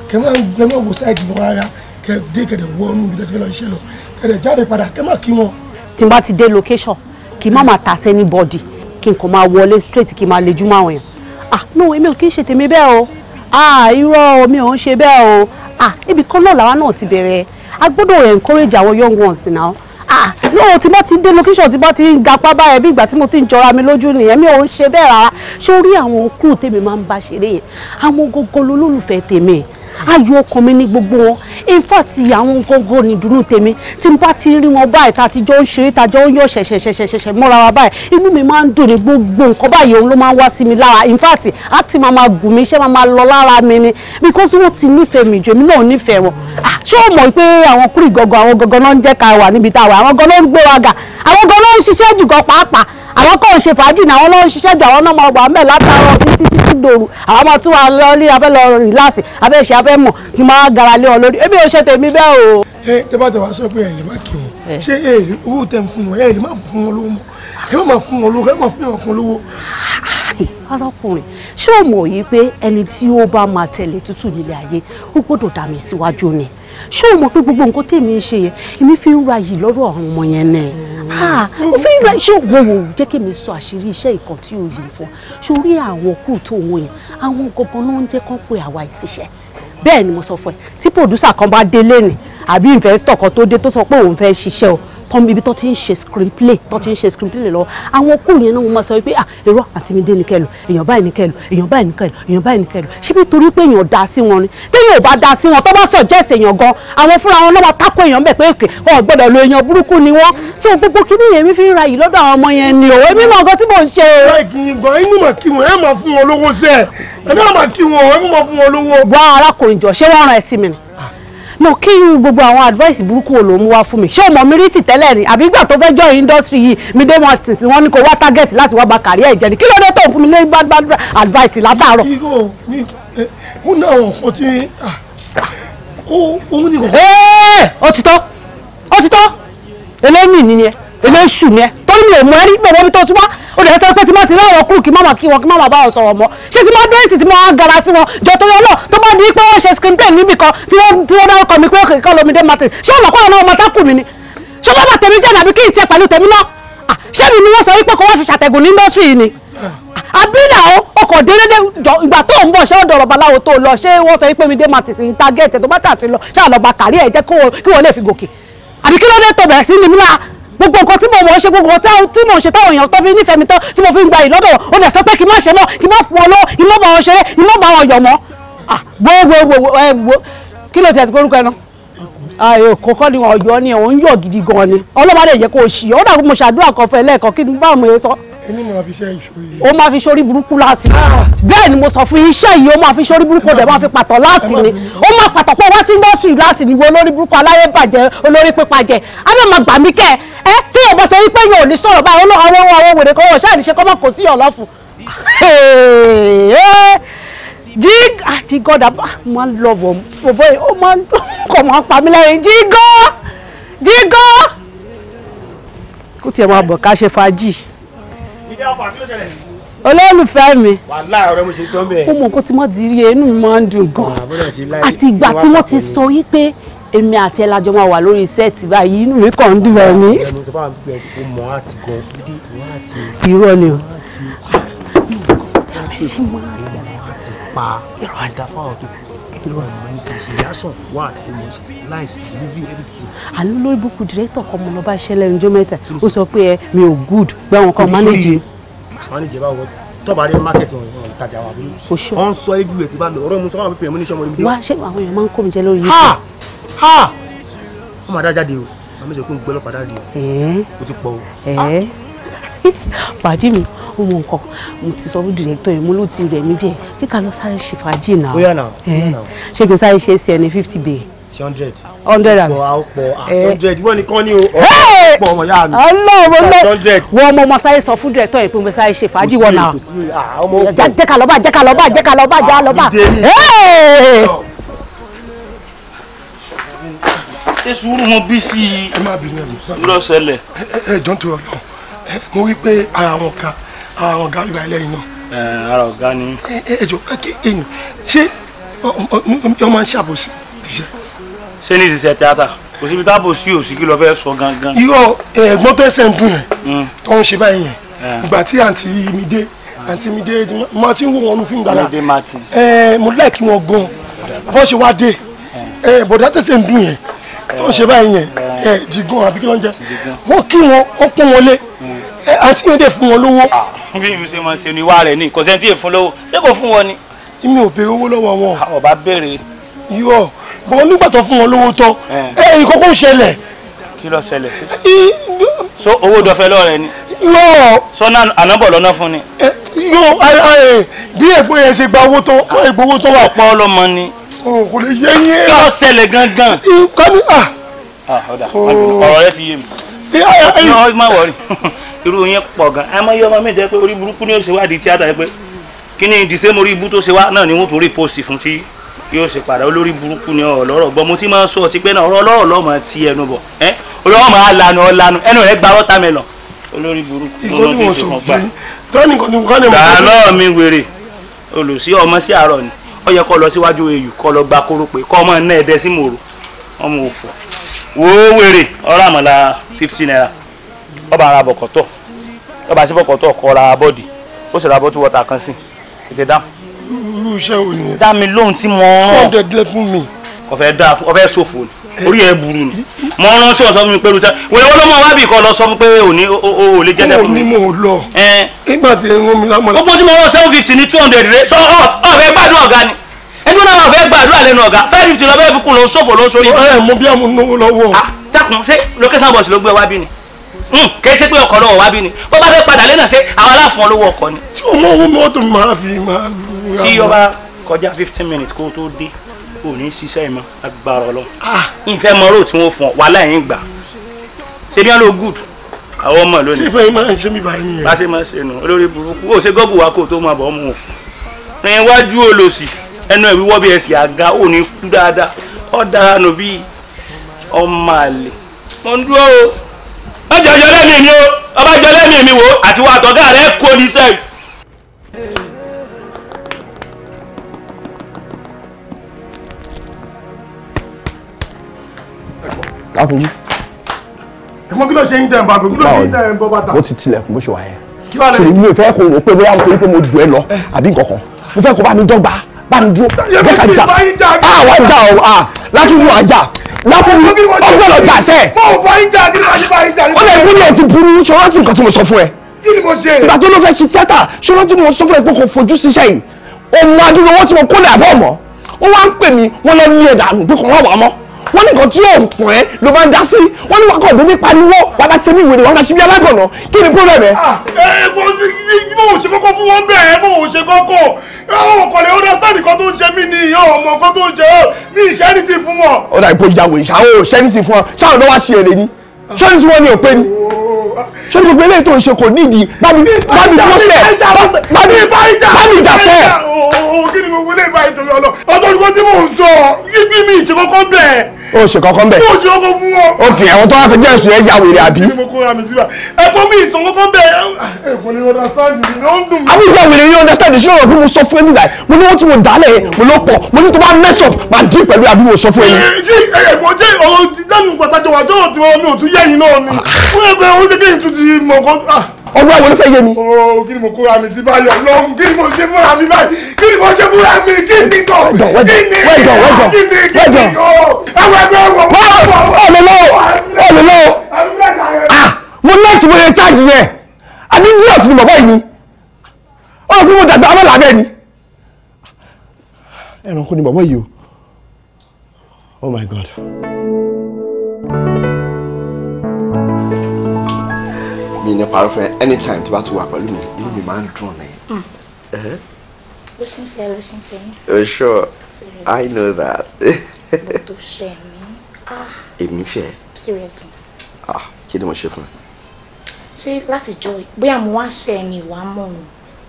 kẹ̀ má gbẹ má wò sáìdì wọn rárá kẹ̀ dé kẹ̀rẹ̀ wọ inú ibi tẹ́sí lọ iṣẹ́ lọ kẹ̀rẹ̀ jáde padà kẹ̀ má kí wọn. tí n bá ti dé location kí n má máa ta sẹ́ni bọ́ọ̀dì kí n kàn máa wọlé straight kí n máa lejú máa wọ̀nyàn ah no èmi ò kí ń ṣe tèmi bẹ́ẹ̀ o ah irọ́ mi ò ń ṣe bẹ́ẹ̀ o ah ibì kan náà làwa náà ti bẹ̀rẹ̀ a gbọ́dọ̀ encourage our young ones now ah no tí bá ti dé location tí bá ti ń gapá báyẹn bí ìgbà tí mo ti ń jọra mi lójú nìyẹn mi ò ń ṣe bẹ́ẹ̀ rárá ṣé orí àwọn crew tèmi máa ń bá ṣeré yẹn àwọn gogolo lólùfẹ́ tèmi ayọ̀ ọkàn mi ní gbogbo wọn in fact àwọn gógó ni ìdùnnú tèmi tí n bá ti rí wọn báyìí tá a ti jọ ń ṣeré tá a jọ ń yọ̀ ṣẹ̀ṣẹ̀ṣẹ̀ṣẹ̀ṣẹ̀ mọ́ra wa báyìí inú mi máa ń dùn ní gbogbo nǹkan báyìí òun ló máa ń wá sí mi lára in fact àti máa ma gùn mi iṣẹ́ máa ma lọ lára mi ni because wọ́n ti nífẹ̀ẹ́ mi jù èmi náà nífẹ̀ẹ́ wọn ah, ṣé o mọ̀ pé àwọn kúrì gọ̀gọ̀ àwọn gọ̀gọ̀ náà ń jẹ́ ká wà níbi tá a wà àwọn gọ̀gọ̀ náà ń gbéra gà àwọn gọ̀gọ̀ náà ń ṣiṣẹ́ jù gan pàápàá àwọn kò ṣe fàájì ní àwọn ló ń ṣiṣẹ́ jù àwọn náà máa wà mẹ́ẹ̀ látàárọ̀ títí títí dòru àwọn ọmọ tí wàá lọ rí abẹ́ lọ rìláàsì abẹ́ ṣe abẹ́ mọ̀ kí n máa gara lé wọn lórí ebi ò ṣe tèmi bẹ́ẹ̀ o. ẹ tẹ bá tẹ wá sọ pé ẹyìn má kí wọn ṣé èrè owó tẹ fún wọn èrè má fún wọn lówó ẹ má fún wọn lówó ẹ má fún wọn lówó. arákùnrin ṣé o mọ̀ yìí pé ẹni tí ó bá máa tẹ̀lé tútù nílé ayé ó gbọ́dọ̀ dà síwájú ni ṣé o mọ̀ pé gbogbo nǹkan tèmi ń ṣe yẹn èmi fi ń ra yìí lọ́rọ̀ àwọn ọmọ yẹn náà ó ah, fi ń ra ṣé o wò ó jẹ́ kí èmi sọ àṣírí iṣẹ́ ìkan tí o yìí fún sórí àwọn kù tó wọ yẹn àwọn gbọ̀ngàn náà ń jẹ́ kán pé àwa ìṣiṣẹ́ bẹ́ẹ̀ ni mo sọ fún ẹ tí pòdùsà kan bá délé ni àbí ìnvẹ́sítọ̀ kan tó dé tó sọ pé òun fẹ́ ṣiṣẹ́ o tán ibi tó ti ń ṣe screenplay tó ti ń ṣe screenplay lọ àwọn kúrò yẹn náà mo máa sọ pé ah irọ́ àti mi dé ní kẹlù èèyàn báyìí ní kẹlù èèyàn báyìí ní kẹlù èèyàn báyìí ní kẹlù ṣé bí torí pé èèyàn dá sí wọn ni téèyàn ò bá dá sí wọn tó bá suggest èèyàn gan àwọn fúnra wọn náà máa tako èèyàn bẹ̀ pé èkè wọn gbọ́dọ̀ lo èèyàn burúkú ni wọn so gbogbo kí nìyẹn mi fi ń ra yìí lọ́dọ̀ àwọn ọmọ yẹn ni òwe mímọ̀ nǹkan tí mò ń ṣe o. ìgbìyànjú gan inú mà kí wọn ẹ máa fún wọn lówó sẹ ẹ máa mà kí wọn ẹ máa fún wọn lówó. wá arákùnrin jọ ṣé wọn rán ẹ sí mi no kí irú gbogbo àwọn advice burúkú wo ló ń wá fún mi ṣé o mọ̀ mi rí tì tẹ́lẹ̀ ni àbí ìgbà tó fẹ́ join industry yìí mi dé wọn sì wọ́n ní kó wá target láti wá ba career ìjẹni kí ló dé tó fún mi ní gbàgbà advice látàárọ̀. irọ́ mi eh, ó ah, ní àwọn nǹkan tí òun ní kò. ó ti tọ́ ó ti tọ́ eléyìí nìyẹn eléṣù ni ẹ torí mi ò mọ ẹni gbọ̀wọ́ mi tó ti wá ó lè sọ pé tí má ti láwọn kúrò kí màmá kí wọn kí màmá bá wọn sọ̀rọ̀ mọ́ ṣé tí má dé sí tí mo á gara sí wọn jọ tó yọ náà tó bá di pé wọ́n ṣe screen play níbi kan tí wọ́n tí wọ́n dárúkọ mi pé kíkọ́ lomide martin ṣé ọ̀nà kọ́ ọ̀nà ọmọ tákù mi ni ṣé bàbá tèmi jẹ́ nàbí kí n tiẹ̀ pẹ̀lú tèmi náà ṣé mi ni wọ́n sọ wípé kò wá fi ṣàtẹ̀gùn ní indọ́sírì yìí ni àbínà ó ọkọ̀ déédéé ìgbà tó ń bọ̀ ṣé ọ̀dọ̀ babaláwo tó lọ ṣé wọ́n sọ wípé mi dé martin sí ní tágẹ́ẹ̀tì tó bá tà sí lọ ṣáà lọ́ba kárí ẹ̀ jẹ́ kí wọ́n lè fi gòkè àbí kí ló dé tó bẹ̀rẹ̀ sí ni mí gbogbo nǹkan tí mo mọ̀ ṣe gbogbo nǹkan tí mo ṣe táwọn èèyàn tó fi nífẹ̀ẹ́ mi tán tí mo fi ń gba ìlọ́dọ̀ ó lè sọ pé kí n má ṣe mọ́ kí n má fún ọ lọ́wọ́ kí n má bá wọn ṣeré kí n má bá wọn yọ̀ wo kí ló ti ẹ̀sìn orúkọ ẹnu kò kọ́ ni ọ̀yọ́ ni òun yọ̀ gidi gan ni ọlọ́wọ́ dẹ̀ yẹ kó o ṣì ọ́ dàgbọ́ mo ṣàdúrà kan fún ẹ lẹ́ẹ̀kan kí n bá àwọn sọ inú máa fi iṣẹ́ ìṣó yìí. ó máa fi sórí burúkú láàsì ah! bẹ́ẹ̀ ni mo sọ fún iṣẹ́ yìí ó máa fi sórí burúkú dẹ̀ máa fi pàtọ́ láàsì ni ó máa pàtọ́ pọ̀ wá sí nọ́ọ̀sì láàsì ni olórí burúkú aláyé bàjẹ́ olórí pípàjẹ́ abẹ́ máa gbà mí kẹ́ ẹ kí èèyàn bọ́ sọ wípé yóò ní sọ̀rọ̀ báyìí àwọn àwọn wèrè kan wọ̀ ṣáà ní ṣe kọ́ mọ̀ kò sí ọ̀lọ́fù jíg àti gọdà máa ń lọ bọ̀ bọ̀bọ̀ yìí ó máa ń *laughs* kọ̀ máa ń pa mí lẹ́yìn jígọ́ jígọ́ kó tiẹ̀ máa bọ̀ ká ṣe fàájì olólùfẹ́ mi ó mọ nǹkan tí mo ti rí inú mi máa ń dùn gan ah, àti ìgbà tí wọ́n ti sọ yí pé èmi àti ẹlajọ máa wà lórí sẹ́ẹ̀tì báyìí inú mi kàn ń dùn ẹ̀ irọ́ ni o pa. Ìrọ̀ àdáfáwọ̀ kí ló wà nínú ẹni tí ṣe reaction wà almost lies living everything. àlọ́ lórí búkú director kan mo lọ bá ṣẹlẹ̀ ní ọjọ́ ó sọ pé ẹ mi ò good gbé àwọn kan manage. manage báwo tọ́ba rí market wọn ìwọ̀n ìtajà wà bí. kò ṣọ́ ọ̀n sọ ibi ti bá lọ ọ̀rọ̀ mu sábà pèpè mú ní sọ́mọ́ wá ṣé àwọn èèyàn máa ń kó mi jẹ lórí ha ha wọ́n máa dá jáde o àmì ìṣèkú ń dáre o o ti pọ̀ o pàdé *laughs* mi ó mọ nǹkan mo ti sọ fún dìrẹ́tọ̀ yìí mo ló ti rẹ̀ mí díẹ̀ kí ká lọ sáré ṣe fàájì náà. bóyá náà náà. ṣé kí n sáré ṣe sí ẹni fifty bay. sí hundred. hundred àbí. pọ̀ pọ̀ hundred wọ́n ní kán ní o pọ̀ ọmọ yá mi. ọlọ́run ló wọ́n mo mọ sáré sọ fún dìrẹ́tọ̀ yìí pé mo sáré ṣe fàájì wọn náà. Ah, jẹ́ ká lọ bá jẹ́ ká lọ bá jẹ́ ká lọ bá jẹ́ ṣé sùúrù mo bí sí i lọ́sẹ̀lẹ̀. ẹ ẹ jọ́ntò ọlọ́run mo wí pé ara wọn kan ara wọn ga ìgbà ẹlẹ́yìn náà. ara ọ̀gá ni. ẹjọ kí èyàn ṣé wọ́n máa ń ṣàbòsí iṣẹ́. ṣé ní ìṣiṣẹ́ tíátà kò síbi táàbò sí òsì kí lọ fẹ́ sọ gangan. irọ́ ẹ̀gbọ́n tó ẹsẹ̀ mm. ń dùn yẹn tó ń ṣe báyìí yẹn ìgbà tí àǹtí mi dé àǹtí mi dé máa ti ń wò wọn nu fíìmù dáadáa mo láìkí wọn gan bọ́n ṣe wá dé bọ̀dá tẹ̀sẹ̀ ń dùn yẹn tó ń ṣe báyìí yẹn jìgàn àbí kí ló ń jẹ wọ́n kí wọn ó pọ́n wọlé mm àǹtí yẹn dẹ̀ fún wọn lówó. Ah, bí mi ṣe máa ṣe ni ìwà rẹ̀ ni kò sẹ́ni tí yẹn fún lówó ṣé kò fún wọn ni. mi ò béèrè owó lọ́wọ́ wọn. àwọn ah, bá béèrè. irọ́ bọ́n nígbà tó fún wọn lówó tán eh. ẹ ìkókó ṣẹlẹ̀. kí ló ṣẹlẹ̀ sí. so owó dọ̀fẹ́ lọ́rẹ̀ ni. irọ́. sọ́nà ànábọ̀ lọ́nà fún ni. irọ́ eh, eh, bí ẹ̀gbọ́n yẹn ṣe gba owó tó ẹ̀gbọ́n owó tó wà. ọ̀pọ̀ ọlọ́mọ ni. kò lè yẹ yín. kí ló ṣẹlẹ̀ gangan. Ah. Oh. ọ̀rọ̀ rẹ ti yé mi. má wọrí. *laughs* irú yín pọ̀ gan àmọ́ yẹ ọmọ mi jẹ́ pé orí burúkú ni yóò ṣe wá di tíátà yẹ pé kí ni ìdìsẹ́ mo rí ibú tó ṣe wá náà ni wọ́n tún rí pósì fún tí yóò ṣe padà olórí burúkú ni ọ̀lọ́rọ̀ gbọ́ mo ti máa ń sọ ọtí pé náà ọ̀rọ̀ ọlọ́rọ̀ lọ́mọ ti ẹnu bọ̀ ẹ́ ọlọ́rọ̀ máa lanu ọ̀lanu ẹnu rẹ̀ gba watermelon olórí burúkú ló ti ṣe fún pa. tọ́ni kò ní kọ́ni mo. dáná mi wèrè olùsí ọmọ sí àárọ̀ ni ó yẹ kó lọ síwájú eyù kó lọ gba kóró ọba ara bọ̀kọ̀tọ̀ ọba sí bọ̀kọ̀tọ̀ kọ́ ra bọ́ọ̀dì ó sì ra bọ́tú wọ́tà kan sí ètè dáhùn. irú iṣẹ́ wo ni. dá mi lóhùn tí mo rán. wọ́n dẹ̀ dẹ́ fún mi. ọ̀fẹ́ dá ọ̀fẹ́ ṣòfò ni orí ẹ̀ burú ni mo rán tí wọ́n fún mi pé rúṣẹ́ wèrè wọ́n ló mọ̀ wá bì kọ́ lọ sọ fún pé òní ò lè jẹ́lẹ̀ fún mi. mo ní mo lọ. nígbà tí ń mi lámọ̀. ó pọ́n tí mo rán seven fifty ní two hundred rẹ sọ ọ̀fẹ́ gbàdúrà ọ̀gá ni ẹgbẹ́ náà ọ̀fẹ́ gbàdúrà lẹ́nu ọ̀gá five fifty lọ bẹ́ẹ̀ fi kún lọ sófò lọ sórí. ọ̀rẹ́ mo bí àmúnáwó lọ́wọ́. Ah, dákun ṣé location bus ló gbé wá bí ni. Hmm, kì í ṣe pé ọkọ̀ lọ́wọ́ wá bí ni bó bá fẹ́ padà lẹ́nà ṣe àwọn aláfọ̀n lówó ọkọ̀ ni. tí o mọ owó mi ó tún máa fi máa. tí yọba kọjá fifteen minutes kó o tó dé o ní ṣiṣẹ́ ìmọ̀ agbára ọlọ́ ìfẹ́ ah! mọ róò tí wọ́n fún ọ wàhálà gbà ṣe bí wọ́n lọ good àwọn ọmọ lónìí. sífẹ́ yìí máa ń ṣe mí báyìí nìyẹn. bá ṣe máa ṣe nù olórí burúkú ó ṣe gọ́ọ̀bù wa kó o tó máa bọ̀ ọmọ òfin. rìn iwájú olòṣì ẹnu ẹ̀ wíwọ́ bí ẹsẹ̀ àga ò ní kú dáadáa ọ̀ bíi ọmọ àlè. mo ń dúró o ọjà jọ lẹ́mìí mi o ọba jọ lẹ́mìí mi wò àti wà àtọ̀gá rẹ̀ kó ní sẹ́yìn. asojú. ẹ̀mọ́ kí ló ṣe yín tẹ̀ ń bá gbogbo kí ló ṣe yín tẹ̀ ń bọ́ bàtà. mo ti tilẹ̀kùn bó ṣe wà yẹn. kí wàá lẹ́yìn. mi ò fẹ́ kó o pé bóyá mo pé mo jù ẹ lọ àbí nǹkan kan mo fẹ́ kó bá mi dọ́gba bá mi dúró bẹ́ẹ̀ ká jà ah, á wá jà ọ́ ah, látúndú àjà láti ó gbọ́dọ̀ jà sẹ́ ó lè bú ní ẹ̀ ti burú ṣọlá tí nǹkan tí mo sọ fún ẹ ìgbà tó ló fẹ́ ṣe tíátà ṣọlá tí mo sọ fún ẹ pé kò fojú sí iṣẹ́ yìí òun adúlówó tí mo kó lè àbọ̀ mọ́ ó wá ń pè mí wọ́n lọ ní ẹ̀dà àmì pé kò wá wà mọ́ wọ́n ní nǹkan tí ò ń pọ̀n ẹ́ ló máa ń dá sí wọ́n ní wàá kọ̀ dédé pariwo wàá bá ṣe mí ìwé rẹ̀ wàá bá ṣe bí alágànná kí ni problem ẹ. ẹ ah, eh, mo mo ò ṣe kókó fún wọn bẹ́ẹ̀ mo ò ṣe kókó ọ kò lè understand nǹkan tó ń ṣe mí ni ọ ọmọ nǹkan tó ń ṣe ọ ní ìṣẹ́ni ti fún wọn. ọ̀dà ìpò ìyàwó ìṣàwọ̀ ìṣẹ́ni ti fún ọ ṣáà ọ̀dọ́ wá ṣe èrè ni ṣọ́ni tí wọ́n ní òpé ni ṣé gbogbo eléyìí tó ń ṣe kò nídìí bámi bámi lọ́sẹ̀ bámi bámi jàṣẹ́. kí ni mo wọlé báyìí torí ọlọ ọtọ́ ni mo ti mò ń sọ yí bí mi ìṣe kọ́kọ́ bẹ̀ o ṣe kankan bẹ́ẹ̀. o ṣe ọkọ fún wọn. ok àwọn tó wá fi jẹ́ ìṣòro ẹ̀yà wèrè àbí. ẹ̀kọ́ mi ìsanwó kan bẹ̀ ẹ̀kọ́ ni understand mi ló ń dùn mí. àbí ìyá wèrè yóò understand ṣé ọ̀rọ̀ bí mo sọ fún ẹni láì mo ní wọ́n ti mo dálẹ̀ mo ló pọ̀ mo ní tó bá mess up máa dín pẹ̀lú àbí mo sọ fún ẹni. ṣé ẹ̀kọ́ jẹ́ ọ̀rọ̀ dánù pàtàkì ọwọ́ àwọn olùfẹ́ yé mi. ooo oh, kí ni mo kóra mi sí báyọ̀ lọ́hùn kí ni mo ṣe fúnra mi báyìí kí ni mo ṣe fúnra mi kí ni tó kí ni kí ni kí ni ooo àwọn ẹgbẹ́ wọ̀ wọ́n ọ̀lọ́lọ́ ọ̀lọ́lọ́ ah mo láti mo yẹ cháàjì yẹn adidius ni bàbá yìí ni ọ̀rọ̀ fún mo dàgbà abẹ́là abẹ́ ni ẹranko ni bàbá yìí o oh my god. mi ní parọ́ fún ẹ anytime to bá ti wà pẹ̀lú mi inú mi máa ń dùn ni. bó hmm. ṣe ń ṣe ló ṣe oh sure Seriously. i know that. mo tó ṣe mí. Ah. èmi ṣe. seriously. ah kí ni mo ṣe fún ẹ. ṣé láti jọ bóyá mo wá ṣe ẹni ìwà mọ̀ ọ́n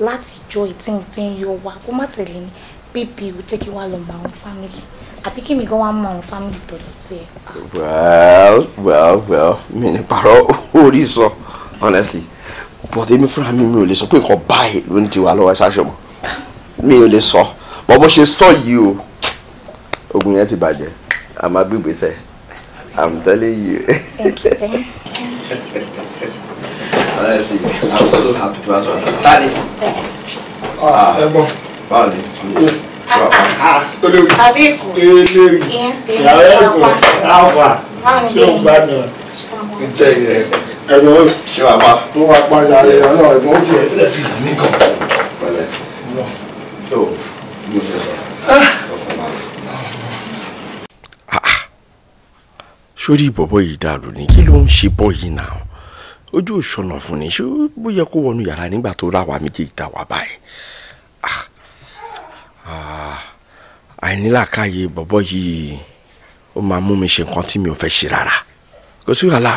láti jọ ìtí tí ń yọ wa kó má tẹ̀lé ní bíbí o jẹ́ kí wàá lọ mọ àwọn fámìlì àbí kí mi gan wàá mọ àwọn fámìlì tọ̀dọ̀ ah. well well well Me ní parọ́ orí sọ. So honestly but èmi fúnra mi mi ò lè sọ pé nǹkan báyìí ló ń di wa lọ́wọ́ ṣáṣọ mọ́ mi ò lè sọ bọ́ bó ṣe sọ yìí o ogun yẹn ti bàjẹ́ a máa gbé ìgbésẹ̀ I'm telling you. Thank you, honestly I'm so happy to have you tani. Ah, ah, ẹ̀gbọ́n báwo ni ah, olórí eléyìí ìyàwó ẹ̀gbọ́n alfa ṣé o gbádùn ẹ jẹ ìrẹ ẹ̀rọ ṣe wà pa. tó wà pa ya ẹ̀rọ náà ẹ̀gbọ́n ó jẹ́ ẹ̀rọ ti yìí nìkan. pẹ̀lẹ́ so mo ṣe sọ ah! ọkàn máa lọ. Ah! sórí ìbọ̀bọ̀ yìí dàrú ni kí ló ń ṣe bọ́ yìí náà ojú òṣùnà fún ni ṣé bó yẹ kó wọnú yàrá nígbà tó ra wa méjèèjì ta wà báyìí ah! àìnílàkàyè bọ̀bọ̀ yìí ó máa mú mi ṣe nǹkan tí mi ò fẹ́ ṣe rárá kò sí wàhálà.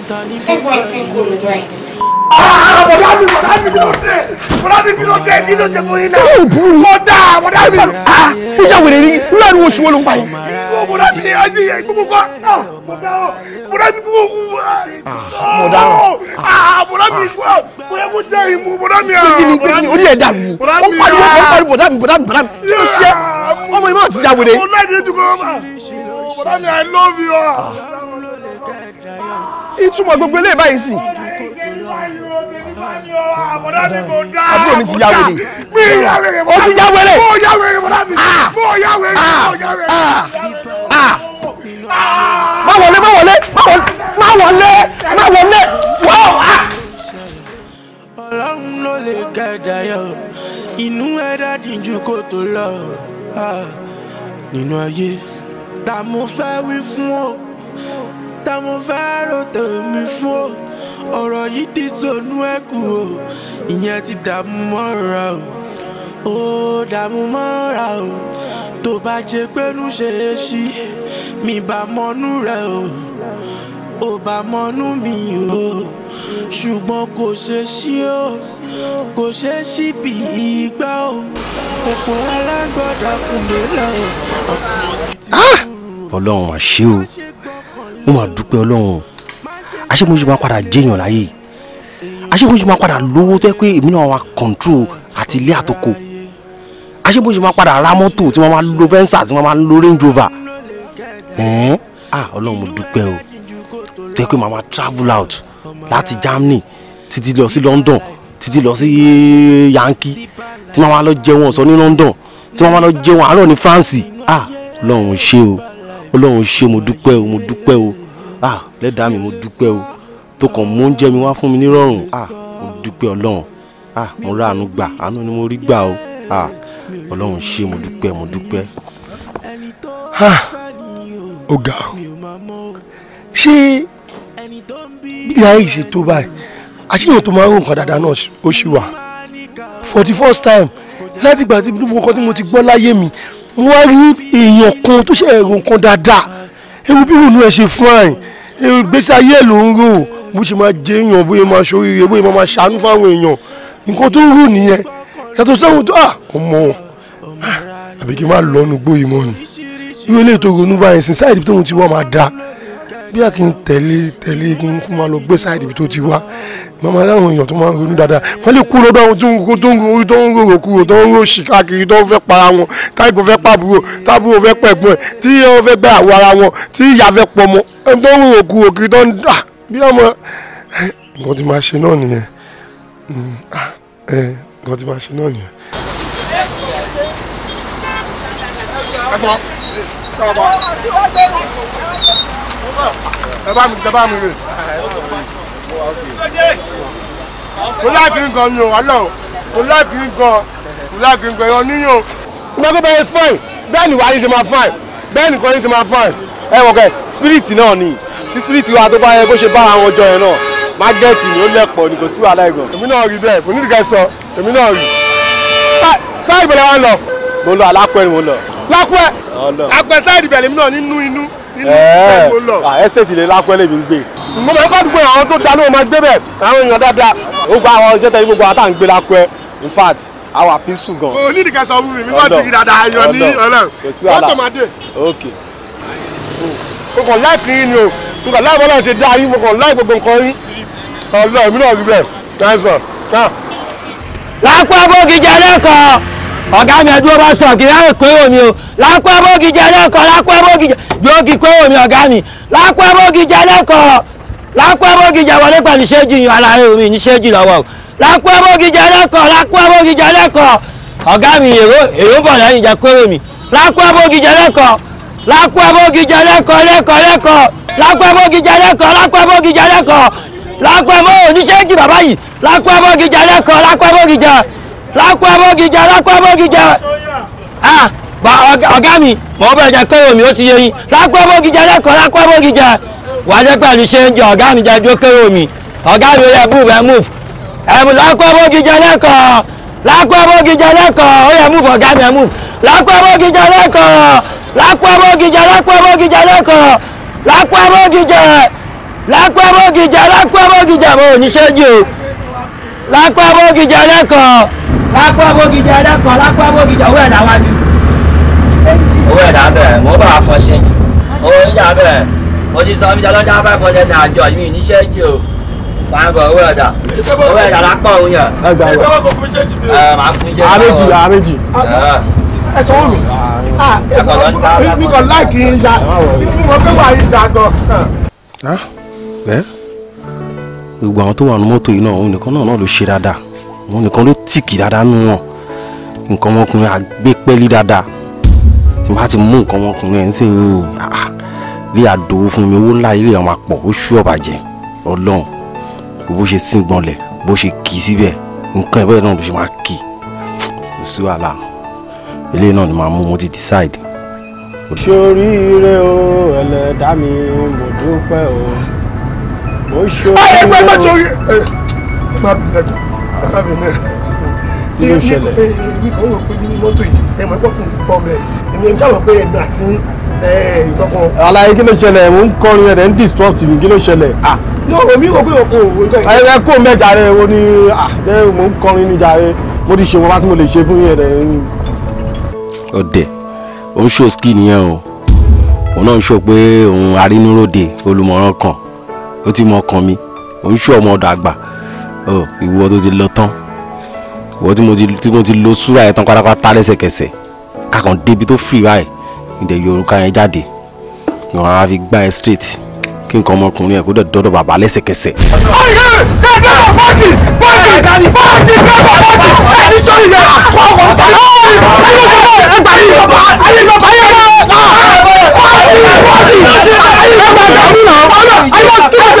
Take my tin kò ló báyìí. Bọ̀dá mi bọ̀dá mi ló dé bọ̀dá mi kí ló dé kí ló ṣe fún yín náà. Yóò burú ni. Bọ̀dá bọ̀dá mi. Ìyá wèrè ni ló ń wo oṣù wo ló ń pa yín. Bọ̀dá mi ni ayé yẹ gbogbo kọ́. Bọ̀dá mi kú òkú. Bọ̀dá mi. Bọ̀dá mi kú bọ̀dá mi jẹ́ ìmú bọ̀dá mi. Bíbí ni bíbí ni orí ẹ̀ dàrú ni. Ó ń pariwo ó ń pariwo bọ̀dá mi bọ̀dá mi bọ̀dá mi. Kí ló ṣe ọmọ ìmọ̀ ti jáwèrè. Bọ̀dá mi I love you ìtumọ̀ gbogbo eléyìí báyìí sì. àbúrò mi ti ya wèrè. o ti ya wèrè. mo ya wèrè bọ́dá mi. Ah. mo ya wèrè. mo ah. ya wèrè. Ah. má wọlé má wọlé má wọlé má wọlé wọ́. ọlọ́run ló lè gẹ̀dá yọ inú ẹ̀dá díjú kó tó lọ nínú ayé tá mo fẹ́ wí fún ọ ta mo fẹ́ rò tèmi fún o ọ̀rọ̀ yìí ti sonú ẹ̀kú o ìyẹn ti dààmú mọ́ra o ó dààmú mọ́ra o tó bá jẹ́ pẹ́nu ṣe é ṣí mi bá mọ́nú rẹ o ò bá mọ́nú mi o ṣùgbọ́n kò ṣe ṣí o kò ṣe ṣí bí ìgbà o kòkò alágbọ̀dà kùnmí lọ. Ah! ọlọ́run àṣé o mo máa dúpẹ́ ọlọ́run àṣé mo ṣe máa padà jẹ́yàn láyé àṣé mo ṣe máa padà lówó tẹ́ pé èmi náà wà kọ̀ǹtró àti ilé àtòkò àṣé mo máa padà ra mọ́tò tí wọ́n máa lo fẹ́ǹsà tí wọ́n máa lo range rover ẹ̀ẹ́n ah ọlọ́run mo dúpẹ́ o tẹ́ pé màá máa travel out láti Germany títí lọ sí London títí lọ sí Yankee tí wọ́n máa lọ jẹun ọ̀sán ní London tí wọ́n máa lọ jẹun àárọ̀ ní France ah ọlọ́run ṣé o ọlọ́run ṣe mo dúpẹ́ o mo dúpẹ́ o ah lẹ́dàá mi mo dúpẹ́ o tó kàn mú oúnjẹ mi wá fún mi nírọ̀rùn ah mo dúpẹ́ ọlọ́run ah mo ra àánú gbà àánú ni mo rí gbà o ah ọlọ́run ṣe mo dúpẹ́ mo dúpẹ́. ó ga o ṣé bílẹ̀ ayé ìṣètò báyìí àṣìyàn tó máa ń rò nǹkan dáadáa náà ó ṣì wà for the first time láti ìgbà tí mo kọ́ tí mo ti gbọ́ láyé mi wọ́n rí èèyàn kan tó ṣe èrò nǹkan dáadáa ewu bí ìrònú ẹ̀ ṣe fún àyìn ewu gbèsè ayé ló ń rò bó ṣe máa jẹ èèyàn bóyá máa ṣoríire bóyá máa ṣàánú fáwọn èèyàn nǹkan tó ń rò nìyẹn yàtọ̀ sẹ́wọ̀n tó à ah, ọmọ ah, àbí kí n máa lọ́nu gbóyè mọ́ ni irú eléyìí tó ronú báyìí sin sáìdì tóun ti wá máa da bí a kì í tẹ̀lé tẹ̀lé kí n máa lọ gbé sáìdì tó ti wá màmá láwọn èèyàn tó máa ń ronú dáadáa wọ́n lè kú lọ́dọ̀ àwọn tó ń ro tó ń ro tó ń ro kúrò tó ń ro sí káàkiri tó ń fẹ́ para wọn táìpọ̀ fẹ́ pàbúrò tábúrò fẹ́ pẹ̀gbọ́n ẹ̀ tí wọ́n fẹ́ gbá àwọ̀ ara wọn tí ìyá fẹ́ pọ̀ mọ́ tó ń ro kúrò kiri tó ń dà bí ọmọ nǹkan tí máa ṣe náà nìyẹn hmm, nǹkan tí máa ṣe náà nìyẹn. ẹ bá mi ẹ bá mi rè mo láìpì ń gan mi ò wá lọ mo láìpì ń gan mo láìpì ń gan ẹ oníyàn. fine bẹ́ẹ̀ ni wàá yín ṣe máa fine bẹ́ẹ̀ nìkan yín ṣe máa fine. ẹ wọ̀ kẹ́ spirit náà ni tí spirit wa tó bá yẹ kó ṣe bára wọn jọ yẹn náà mágẹ́ẹ̀tì ni ó lẹ̀pọ̀ ni kò sí wàhálà ìgàn. èmi náà rí bẹ́ẹ̀ kò ní ìdíkẹ́ sọ èmi náà rí. sáà ìbẹ̀rẹ̀ wa lọ. mo lọ alápẹ̀ ni mo lọ. lápẹ̀ lápẹ̀ sáà ìdìbẹ̀lẹ̀ mi náà nínú inú ẹ́stéètì eh, ah, lè lápẹ́ lèmi ń gbé. mo máa ń gbàdúgbò àwọn tó da ló máa gbé bẹ̀ àwọn èèyàn dáadáa. ó gba àwọn iṣẹ́ tẹ̀lé gbogbo àtà ń gbé lápẹ́ in fact our peaceful gan. o ní ìdíkà sọ fún mi mi máa dìgì dáadáa ayọ̀ ní ọ̀rẹ́ mọ́tò máa dé. ok. mo kàn láìpẹ́ yín ni o mo kàn láìpẹ́ ṣe dá yín mo kàn láìpẹ́ gbogbo nǹkan yín ọlọ́run mi náà rí bẹ́ẹ̀ láìsàn. Ah. lápẹ́ bókì jẹ́ lẹ́kọ̀ọ́ ọ̀gá mi ẹ̀dúró bá sọ̀ kí láyè kóró mi o lákọ́ bógi jẹ lẹ́kọ̀ọ́ lákọ́ bógi jẹ bógi kóró mi ọ̀gá mi lákọ́ bógi jẹ lẹ́kọ̀ọ́ lákọ́ bógi jẹ wọlé pẹ̀lú ṣéjì yan ara rẹ̀ omi ní ṣéjì lọ́wọ́ o lákọ́ bógi jẹ lẹ́kọ̀ọ́ lákọ́ bógi jẹ lẹ́kọ̀ọ́ ọ̀gá mi èrò èrò bọ̀ lẹ́yìn jẹ kóró mi lákọ́ bógi jẹ lẹ́kọ̀ọ́ lákọ́ bógi jẹ lẹ́kọ̀ọ́ lẹ́kọ̀ọ́ lẹ́kọ̀ọ́ lákọ́ bógi jẹ lẹ́kọ̀ọ́ lákọ́ bógi jẹ lẹ́kọ̀ọ́ lákọ́ bó oníṣẹ́jì bàbá yìí lákọ́ bógi jẹ lẹ́kọ̀ọ́ lákọ́ bógi jẹ lẹ́kọ̀ọ́ lákò abọ́gijẹ lákò abọ́gijẹ ọ̀gá mi mọ̀ ọ́ bẹ̀rẹ̀ jẹ́ pé omi ó ti yẹ yín lákò abọ́gijẹ lẹ́kọ̀ọ́ lákò abọ́gijẹ wà á jẹ́ pẹ̀lú ṣe ń jẹ ọ̀gá mi jẹ́ dúró pé omi ọ̀gá mi ó yẹ move ẹ move ẹ̀mú lákò abọ́gijẹ lẹ́kọ̀ọ́ lákò abọ́gijẹ lẹ́kọ̀ọ́ ó yẹ move ọ̀gá mi ẹ move lákò abọ́gijẹ lẹ́kọ̀ọ́ lákò abọ́gijẹ lákò abọ́gijẹ lẹ́kọ̀ọ́ lákò abọ́gijẹ lákò abọ́gijẹ lákò abọ́gijẹ mo ò ní ṣe jù lákò abọ́gijẹ lẹ́kọ̀ọ́ lápá bókìjà ẹ̀dá kan lápá bókìjà owó ẹ̀dá wájú. owó ẹ̀dá bẹ́ẹ̀ mo bá a fọn ṣe jù owó níjà bẹ́ẹ̀ mo ti sọ mi lọ́jà five hundred naira jọ mi níṣẹ́ jù o sango owó ẹ̀dá owó ẹ̀dá lápá òun yẹn. ẹ gbà wọ ẹ máa fún iṣẹ́ jù. àbèjì àbèjì ẹ sọ wọmi mi kàn láìkì yín ya mo fẹ́ wà yín dàgọ́. gbogbo àwọn tó wà ní mọ́tò yìí náà òun nìkan náà ló ṣe dáadáa òun nìkan ló tìkì dáadáa nù wọn nǹkan ọmọkùnrin àgbépẹ́lí dáadáa tí bá ti mú nǹkan ọmọkùnrin ẹ̀ ń sìn yín rí àdòwò fún mi owó ńlá ilé àwọn apọ̀ ó ṣú ọ̀bàjẹ́ ọlọ́run bó ṣe sìn gbọ́nlẹ̀ bó ṣe kì í síbẹ̀ nǹkan ìbẹ́ẹ̀ náà ló ṣe máa kì í sí wàhálà ilé náà ni màá mú mo ti decide. ṣoríire o ẹlẹ́dá mi mo dúpẹ́ o mo ṣoríire o. ẹ ẹ má bínú ẹjọ́ arábìnrin kí ló ṣẹlẹ̀ èmi kàn wò pé nínú mọ́tò yìí ẹ mọ̀ ẹgbọ́n kò ń pọ̀ mẹ́ èmi ẹ̀ ń sáwọn pé ẹ̀mí àti ìtọ́kùn. àlàyé kí ló kọrin ẹ̀rẹ̀ ń disrupt mi kí ló ṣẹlẹ̀. Ah. omi wò pé òkò òwe kọ́ ẹ̀. ẹ kó wo ni ah, mò ń kọrin níjà rẹ mo ti ṣe wọn bá tí mo lè ṣe fún yẹn rẹ. ọ̀dẹ̀ ó ń ṣó ski nìyẹn o òun náà ń ṣó pé òun arínúróde olùmọ̀ràn kan ó ti mọ̀ ọkàn mi òun ṣó ọmọ ọ̀dọ̀ àgbà ọ ìwọ tó ti lọ tán ìwọ tí mo ti tí mo ti lo súra yẹn tán pátápátá lẹ́sẹ̀kẹsẹ̀ kàkàn débi tó fìrí báyìí ìdẹ yorùká yẹn jáde ìwọ àwọn afi gbá ẹ straight kí nǹkan ọmọkùnrin ẹ kó dẹ̀ dọ́dọ̀ bàbá lẹ́sẹ̀kẹsẹ̀. ọ̀yẹ́ kẹ́kẹ́ bá fọ́ọ̀kì fọ́ọ̀kì fọ́ọ̀kì bẹ́ẹ̀ bá fọ́ọ̀kì ẹni sọ́ọ̀rì yẹn kọ́ ọkọ̀ ọ̀tá ayélujára ẹgbàá yìí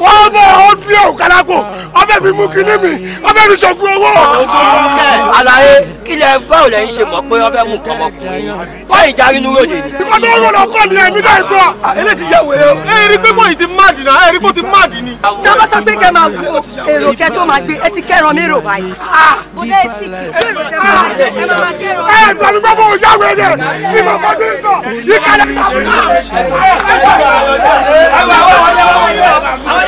wọ́n bọ̀ ọ́ bí òun kálákò ọbẹ̀ mi mú kinní mi ọbẹ̀ mi sọ̀kun owó. àlàyé kí lẹ báwo lẹ ń ṣe mọ̀ pé ọbẹ̀ mú kọ́ ọmọkùnrin bọ́ ìjà inú ròde. ìfọ̀ tó ń rọ̀lọ́ kọ́ ni ẹ̀mí náà gbọ́. eléyìí ti yẹ wèrè o. ẹ rí pé bóyì ti máàdì náà ẹ rí kó ti máàdì ni. dábàá sọ pé kẹ́ máa wo èrò kẹ́ tó máa gbé ẹ ti kẹ́ran mi rò báyìí.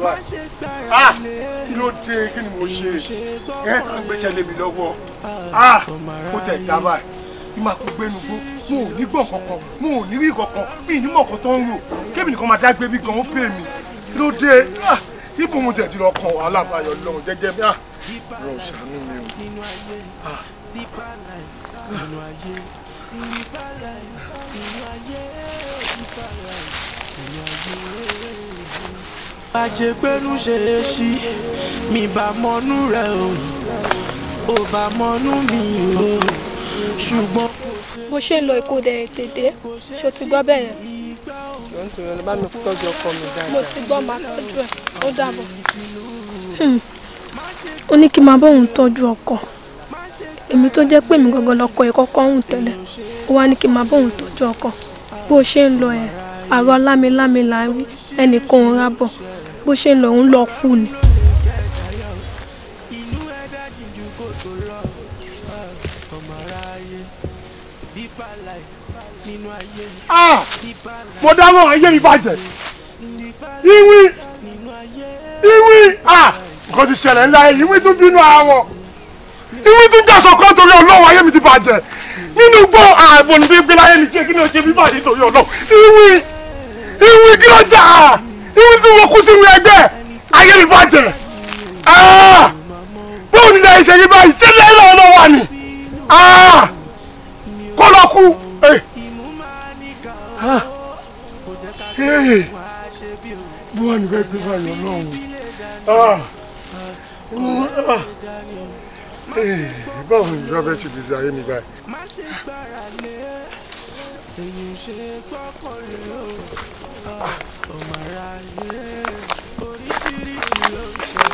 bá a ah, kí ló dé kí ni mo ṣe ẹ à ń gbéṣẹ́ lé mi lọ́wọ́ a ah, kó tẹ̀ dábàá kí máa kó gbénu gbó mo ò ní gbọ̀n kankan mo ò ní rí kankan mi ì ní mọ̀ kan tó ń rò kémi nìkan máa dá gbé bí gan ó pè mí kí ló dé ah, ibo mo tẹ̀ ti lọ kàn wàhálà báyọ̀ lọ́rùn jẹ́jẹ́ bí a rọ̀ ṣàánú mi o nínú bàjẹ́ gbẹ́nu ṣe é ṣí mi bá mọ́nú rẹ̀ o ò bá mọ́nú mi o ṣùgbọ́n. bó ṣe ń lọ èkó dẹ̀ tètè ṣó ti gbọ́ bẹ́ẹ̀ yẹn mo ti gbọ́ máa tọ́jú ẹ̀ ó dàbọ̀. Hmm. ó ní kí n máa bóun tọ́jú ọkọ èmi tó jẹ́ pé mi gangan lọkọ ẹ̀ kọ́kọ́ ń tẹ̀lé ó wá ní kí n máa bóun tọ́jú ọkọ bó o ṣe ń lọ ẹ̀ àrọ lámilámi là ń rí ẹnìkan ò ra bó ṣe ń lọ ń lọ kú ni. Ah! mo dáwọ́ ayé mi bàjẹ́ iwi iwi ah! nǹkan ti ṣẹlẹ̀ ńlá yẹn iwi tún bínú ara wọn iwi tún jàsọ kọ́ torí ọlọ́wọ́ ayé mi ti bàjẹ́ nínú gbọ́ ààbò níbi gbé láyé mi jẹ́ kí ni o ṣe bí bàjẹ́ torí ọlọ́wọ́ iwi iwi kí ló jà á ibi tí mo kú sínú ẹgbẹ́ ayé mi ah! bóun ni ẹ̀ṣẹ̀ yìí báyìí ṣé lẹ́yìn náà wà ní ah! kó lọ kú. Eh! Ah! Eh! bí wọ́n ní bẹ́ẹ̀ gbé báyìí ọlọ́run eh! báwo ni ìjọba ẹ ṣe gbèsè ayé mi báyìí èyí ṣe gbọ́kànlé o ah, ọmọ ara yẹ oríṣiríṣi ló ń ṣe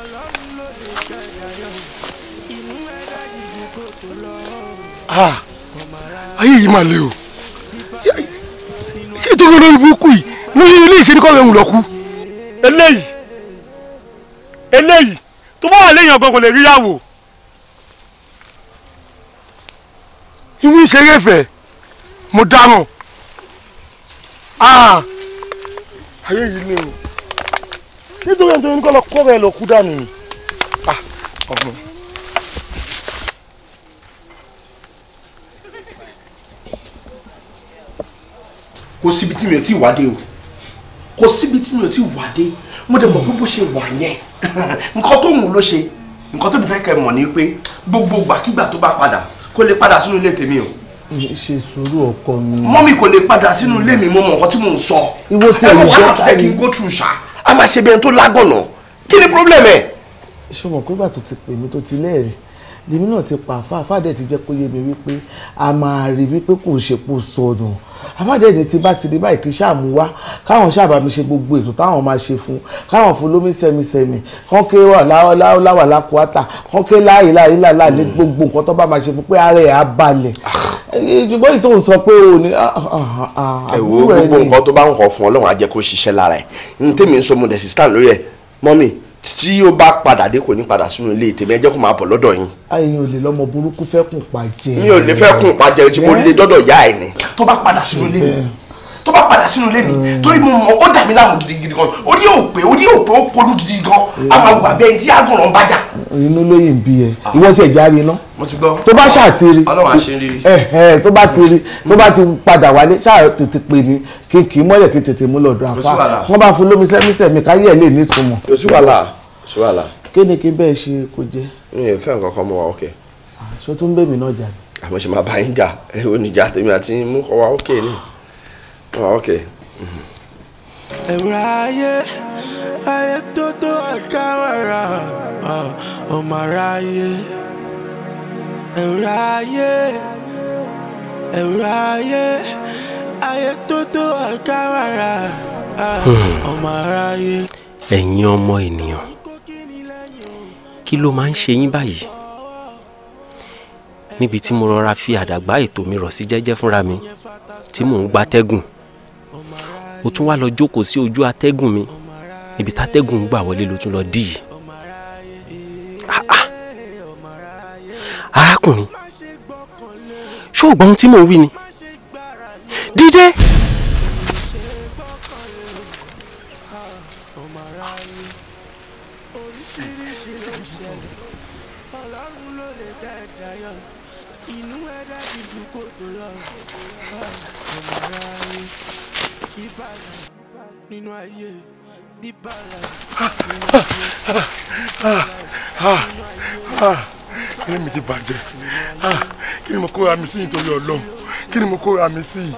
ọlọ́run ló lè ṣẹ̀dá yọ inú ẹ̀dá jìjì kò tó lọ. Ah, ayé yìí máa le o ṣé ìtòkè olórí burúkú yìí ní ilé ìṣe ní kọ́ ẹ̀hún lọ́kù. eléyìí eléyìí tó bá wà léèyàn gan kò lè ríyàwó. ìwé ìṣeré fẹ́ẹ́ mo dámọ̀ ah. ayé yìí lè o nítorí ẹni tó yẹ ní kọ́ lọ kọ́ rẹ̀ lọ kú dànù ni ah, ọmọ. kò síbi tí mi ò tí wá dé o kò síbi tí mi ò tí wá dé mo dẹ̀ mọ̀ pé bó ṣe wà yẹn *laughs* nǹkan tó wù ló ṣe nǹkan tó mi fẹ́ kẹ́ mọ̀ ni pé gbogbo gbàkígbà tó bá padà kó lè padà sínú ilé tèmi o ṣe sùúrù ọkọ mi. mọ́mí kò lè padà sínú ilé mi mo mọ nǹkan tí mò ń sọ. ìwọ tí ẹ ń jọ ká ní. a máa ṣe bí ẹni tó lágànà kí ni problem ẹ. ṣé o mọ̀ pé ìgbà tó ti pè mí tó ti lẹ́ẹ̀rẹ̀ lèmi náà ti pa àfa àfáàdẹ ti jẹ́ kó yé mi wípé a máa rí wípé kò ṣe kó sọnù àfáàdẹ ni ti bá ti rí báyìí kí ṣáàmú wá káwọn ṣáàbà mi ṣe gbogbo ètò táwọn máa ṣe fún káwọn fún lómi sẹmisẹmi kán ké láwàláwà lákùátà kán ké láàyè láàyè láàlá ní gbogbo nǹkan tó bá máa ṣe fún pé ara ẹ̀ á balẹ̀ ah ṣùgbọ́n ìtò ń sọ pé o ní ah, ah, ah, àbúrò ẹ ní. gbogbo nǹkan tó bá ń kọ fún ọlọ́run á jẹ́ kó ṣiṣẹ́ lára ẹ̀ ní tèmi ń sọ mo dẹ̀ sí stand lórí ẹ̀ mọ́mì tí ó bá padà dé kò ní padà sínú ilé tèmi ẹ jẹ́ kó máa bọ̀ lọ́dọ̀ yín. àyìn ò lè lọ́mọ burúkú fẹ́ kùn pa jẹ. mi ò lè fẹ́ kùn pa jẹ tí mo lè dọ́dọ̀ yá ẹ̀ ni. tó bá padà sínú ilé mi tó bá padà sínú ilé mi mm. torí mo mọ ó dà mí láàmú gidigidi gan orí òpè orí òpè ó kolú gidigidi gan mm. a máa wà bẹ́ẹ̀ tí àgùnrán bá jà. inú ló yìn bí ẹ ah. ìwọ tí ẹ járe iná tó bá ṣàtiri tó bá tiri mm. tó bá ti padà wálé ṣáà tètè pè mí kí n kì í mọ́lẹ̀ kí n tètè mú lọ́dọ̀ àfa wọ́n bá fún lómi sẹ́mísẹ́ mi káyé ẹ̀ lè nítumọ̀. òṣùwàlà òṣùwàlà. kí ni kí bẹ́ẹ̀ ṣe kó jẹ́. mi ò fẹ́ nǹkan kan mọ́ wa ókè. ṣó tún bẹ́ẹ̀ mi náà jà ni. àmọ́ ṣe máa bá yín jà ẹ̀ ò ní jà tèmi àti mú kọ́ wa ókè ni. Oh, okay. Ẹ̀rọ ayé tó tó àkàwàrà ọmọ ara ayé. ayé tó tó àkàwàrà ọmọ ah, ah, Ẹ̀yin ọmọ ènìyàn, kí ló máa ń ṣe yín báyìí? Níbi tí mo rọra fi àdàgbà ètò mi rọ̀ sí jẹ́jẹ́ fúnra mi tí mò ń gbatẹ́gùn o tún wá lọ jókòó sí ojú atẹ́gùn mi ibi tátẹ́gùn ń gbà wọlé ló tún lọ dì í ah, ah. arákùnrin ṣó ohun tí mò ń wí ni dídé. inú ẹ̀dá ìdúkò tó lọ nínú ayé bíbá kí ni mi ti bàjẹ́ kí ni mo kóra mi sí nítorí ọlọ́run kí ni mo kóra mi sí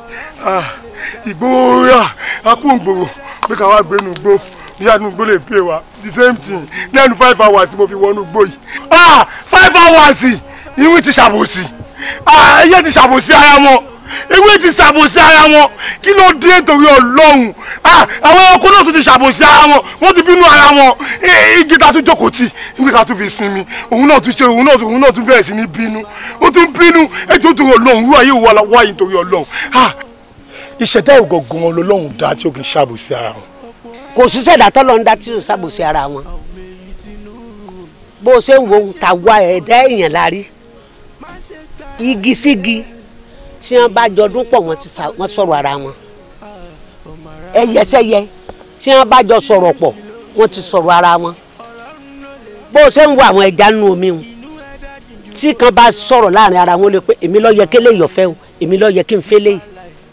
ìgbóra akóǹgbòrò pé ká wá gbénu gbó ní àánú gbó lè pè wá the same thing ní five hours mo fi wọnú gbó yìí five hours irun ti ṣàbòsí ẹyẹ ti ṣàbòsí ara wọn ewé ti ṣàbòsí ara wọn kí ló dé torí ọlọ́run ah, àwọn ẹranko náà tún ti ṣàbòsí ara wọn wọ́n ti bínú ara wọn e, igi ta tún jókòó tì níbi ká tún fi sinmi òun náà tún ṣe òun náà tún òun náà tún bẹ̀rẹ̀ sí ní bínú ó tún bínú ẹjọ́ torí ọlọ́run wíwá yìí wà wáyé torí ọlọ́run. Ah! ìṣẹ̀dá ògọ̀gàn ọlọ́run dá tí ó kì í ṣàbòsí ara wọn. kò sí ṣẹ̀dá tọ́lọ́run dá tí ó ṣàbòsí ara wọn bó ṣe ń wo tàwa ẹ̀dá èèyàn lárí igi sígi tí wọ́n bá jọ dún pọ̀ wọ́n sọ̀rọ̀ ara wọn ẹyẹsẹyẹ tí wọ́n bá jọ sọ̀rọ̀ pọ̀ wọ́n ti sọ̀rọ̀ ara wọn bó o ṣe ń wo àwọn ẹja nínú omi wọn tí kan bá sọ̀rọ̀ láàrin ara wọn lè pé èmi ló yẹ kéléyìí ọ̀fẹ́ o èmi ló yẹ kí n fẹ́ léyìí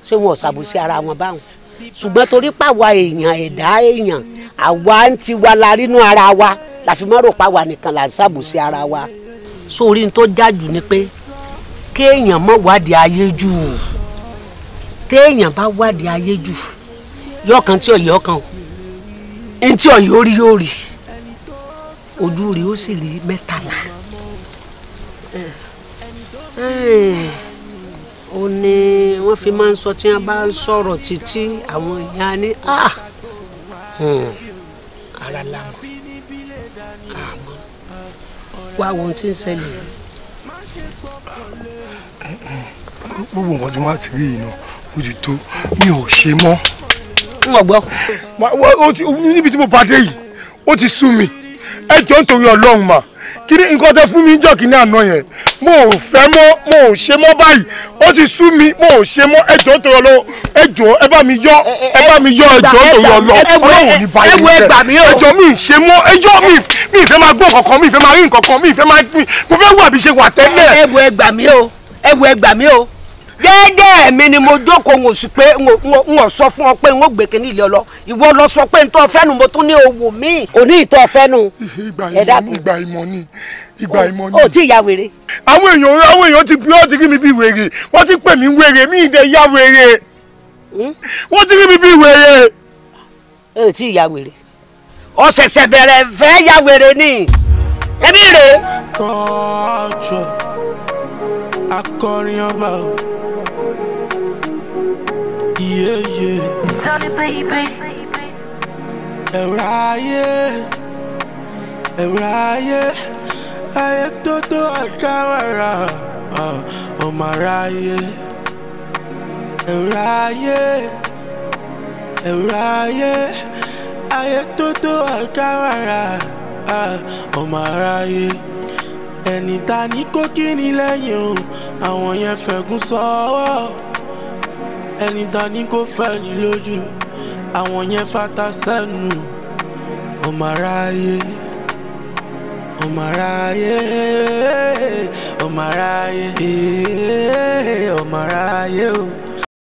ṣé wọn ò ṣàbòsí ara wọn báwọn ṣùgbọ́n torí pàwa èèyàn ẹ̀dá èèyàn àwa ń ti wa la rínú ara wa la fi mọ́ nìkan là ń ṣàbòsí ara wa sórí ní tó jájú ni pé kéèyàn mọ̀ wádìí ayé jù téèyàn bá wádìí ayé jù yọ̀ọ̀kan tí ọ̀yẹ́ ọ̀kan o ntí ọ̀yẹ́ orí yóò rí ojú rí ó sì rí mẹ́tàlá ó ní wọ́n fi máa ń sọ tí wọ́n bá ń sọ̀rọ̀ títí àwọn èèyàn ní ara làwọn àmọ́ wá wo tí ń ṣẹlẹ̀ yìí. gbogbo nǹkan tí wọ́n ti rí yìí náà ó ti tó mi ò ṣe mọ́. n ò gbọ́. níbi tí mo pàdé yìí ó ti sú mi ẹ jọ ń torí ọlọ́run mà kí ni nǹkan tẹ fún mi jọ kí ni àná yẹn mo ò fẹ́ mọ́ mo ò ṣe mọ́ báyìí ó ti sú mi mo ò ṣe mọ́ ẹ jọ ń torí ọlọ́run ẹ jọ ẹ bá mi yọ ẹ bá mi yọ ẹ jọ ń torí ọlọ́run ọlọ́run ní báyìí jẹ ẹ jọ mi ṣe mọ́ ẹ yọ mi mi ì máa gbọ́ nǹkan mi ì máa rí nǹkan mi ì fẹ́ máa mi mo fẹ́ wà bí ṣe wà tẹ́lẹ̀. ẹ wo ẹ gbà o ẹ wo ẹ gbà o déédéé mi ni mo jókòó ń sì pé ń ò sọ fún ọ pé ń ò gbèké ní ilé ọlọ ìwọ lọ sọ pé ntọ́ fẹ́nu mo tún ní owó mi òní ìtọ́ fẹ́nu. ìgbà ìmọ̀ ni ìgbà ìmọ̀ ni. o ti ya wèrè. àwọn èèyàn àwọn èèyàn ti bí ọ́ ti rí mi bí wèrè wọ́n ti pè mí wèrè mí ìdẹ ya wèrè hm? wọ́n ti rí mi bí wèrè. o ti ya wèrè ọ ṣẹ̀ṣẹ̀ bẹ̀rẹ̀ fẹ́ ya wèrè ni ẹbí rè. kọ́ ọ̀jọ̀ akọrin ọba o yeah, yeah. Tell me, baby. Ẹ̀rọ ayé, ẹ̀rọ ayé, ayé tó tó àkàrà ah, ọmọ aráyé. Ẹ̀rọ ayé, ẹ̀rọ ayé, ayé tó tó àkàrà ah, ọmọ aráyé. Ẹni ni kó kí ni lẹ́yìn o, àwọn yẹn fẹ̀gún sọ́wọ́ ẹni dání kò fẹ́ ní lójú àwọn yẹn fata sẹ́nu ọmọ aráyé ọmọ aráyé ọmọ aráyé ọmọ aráyé o.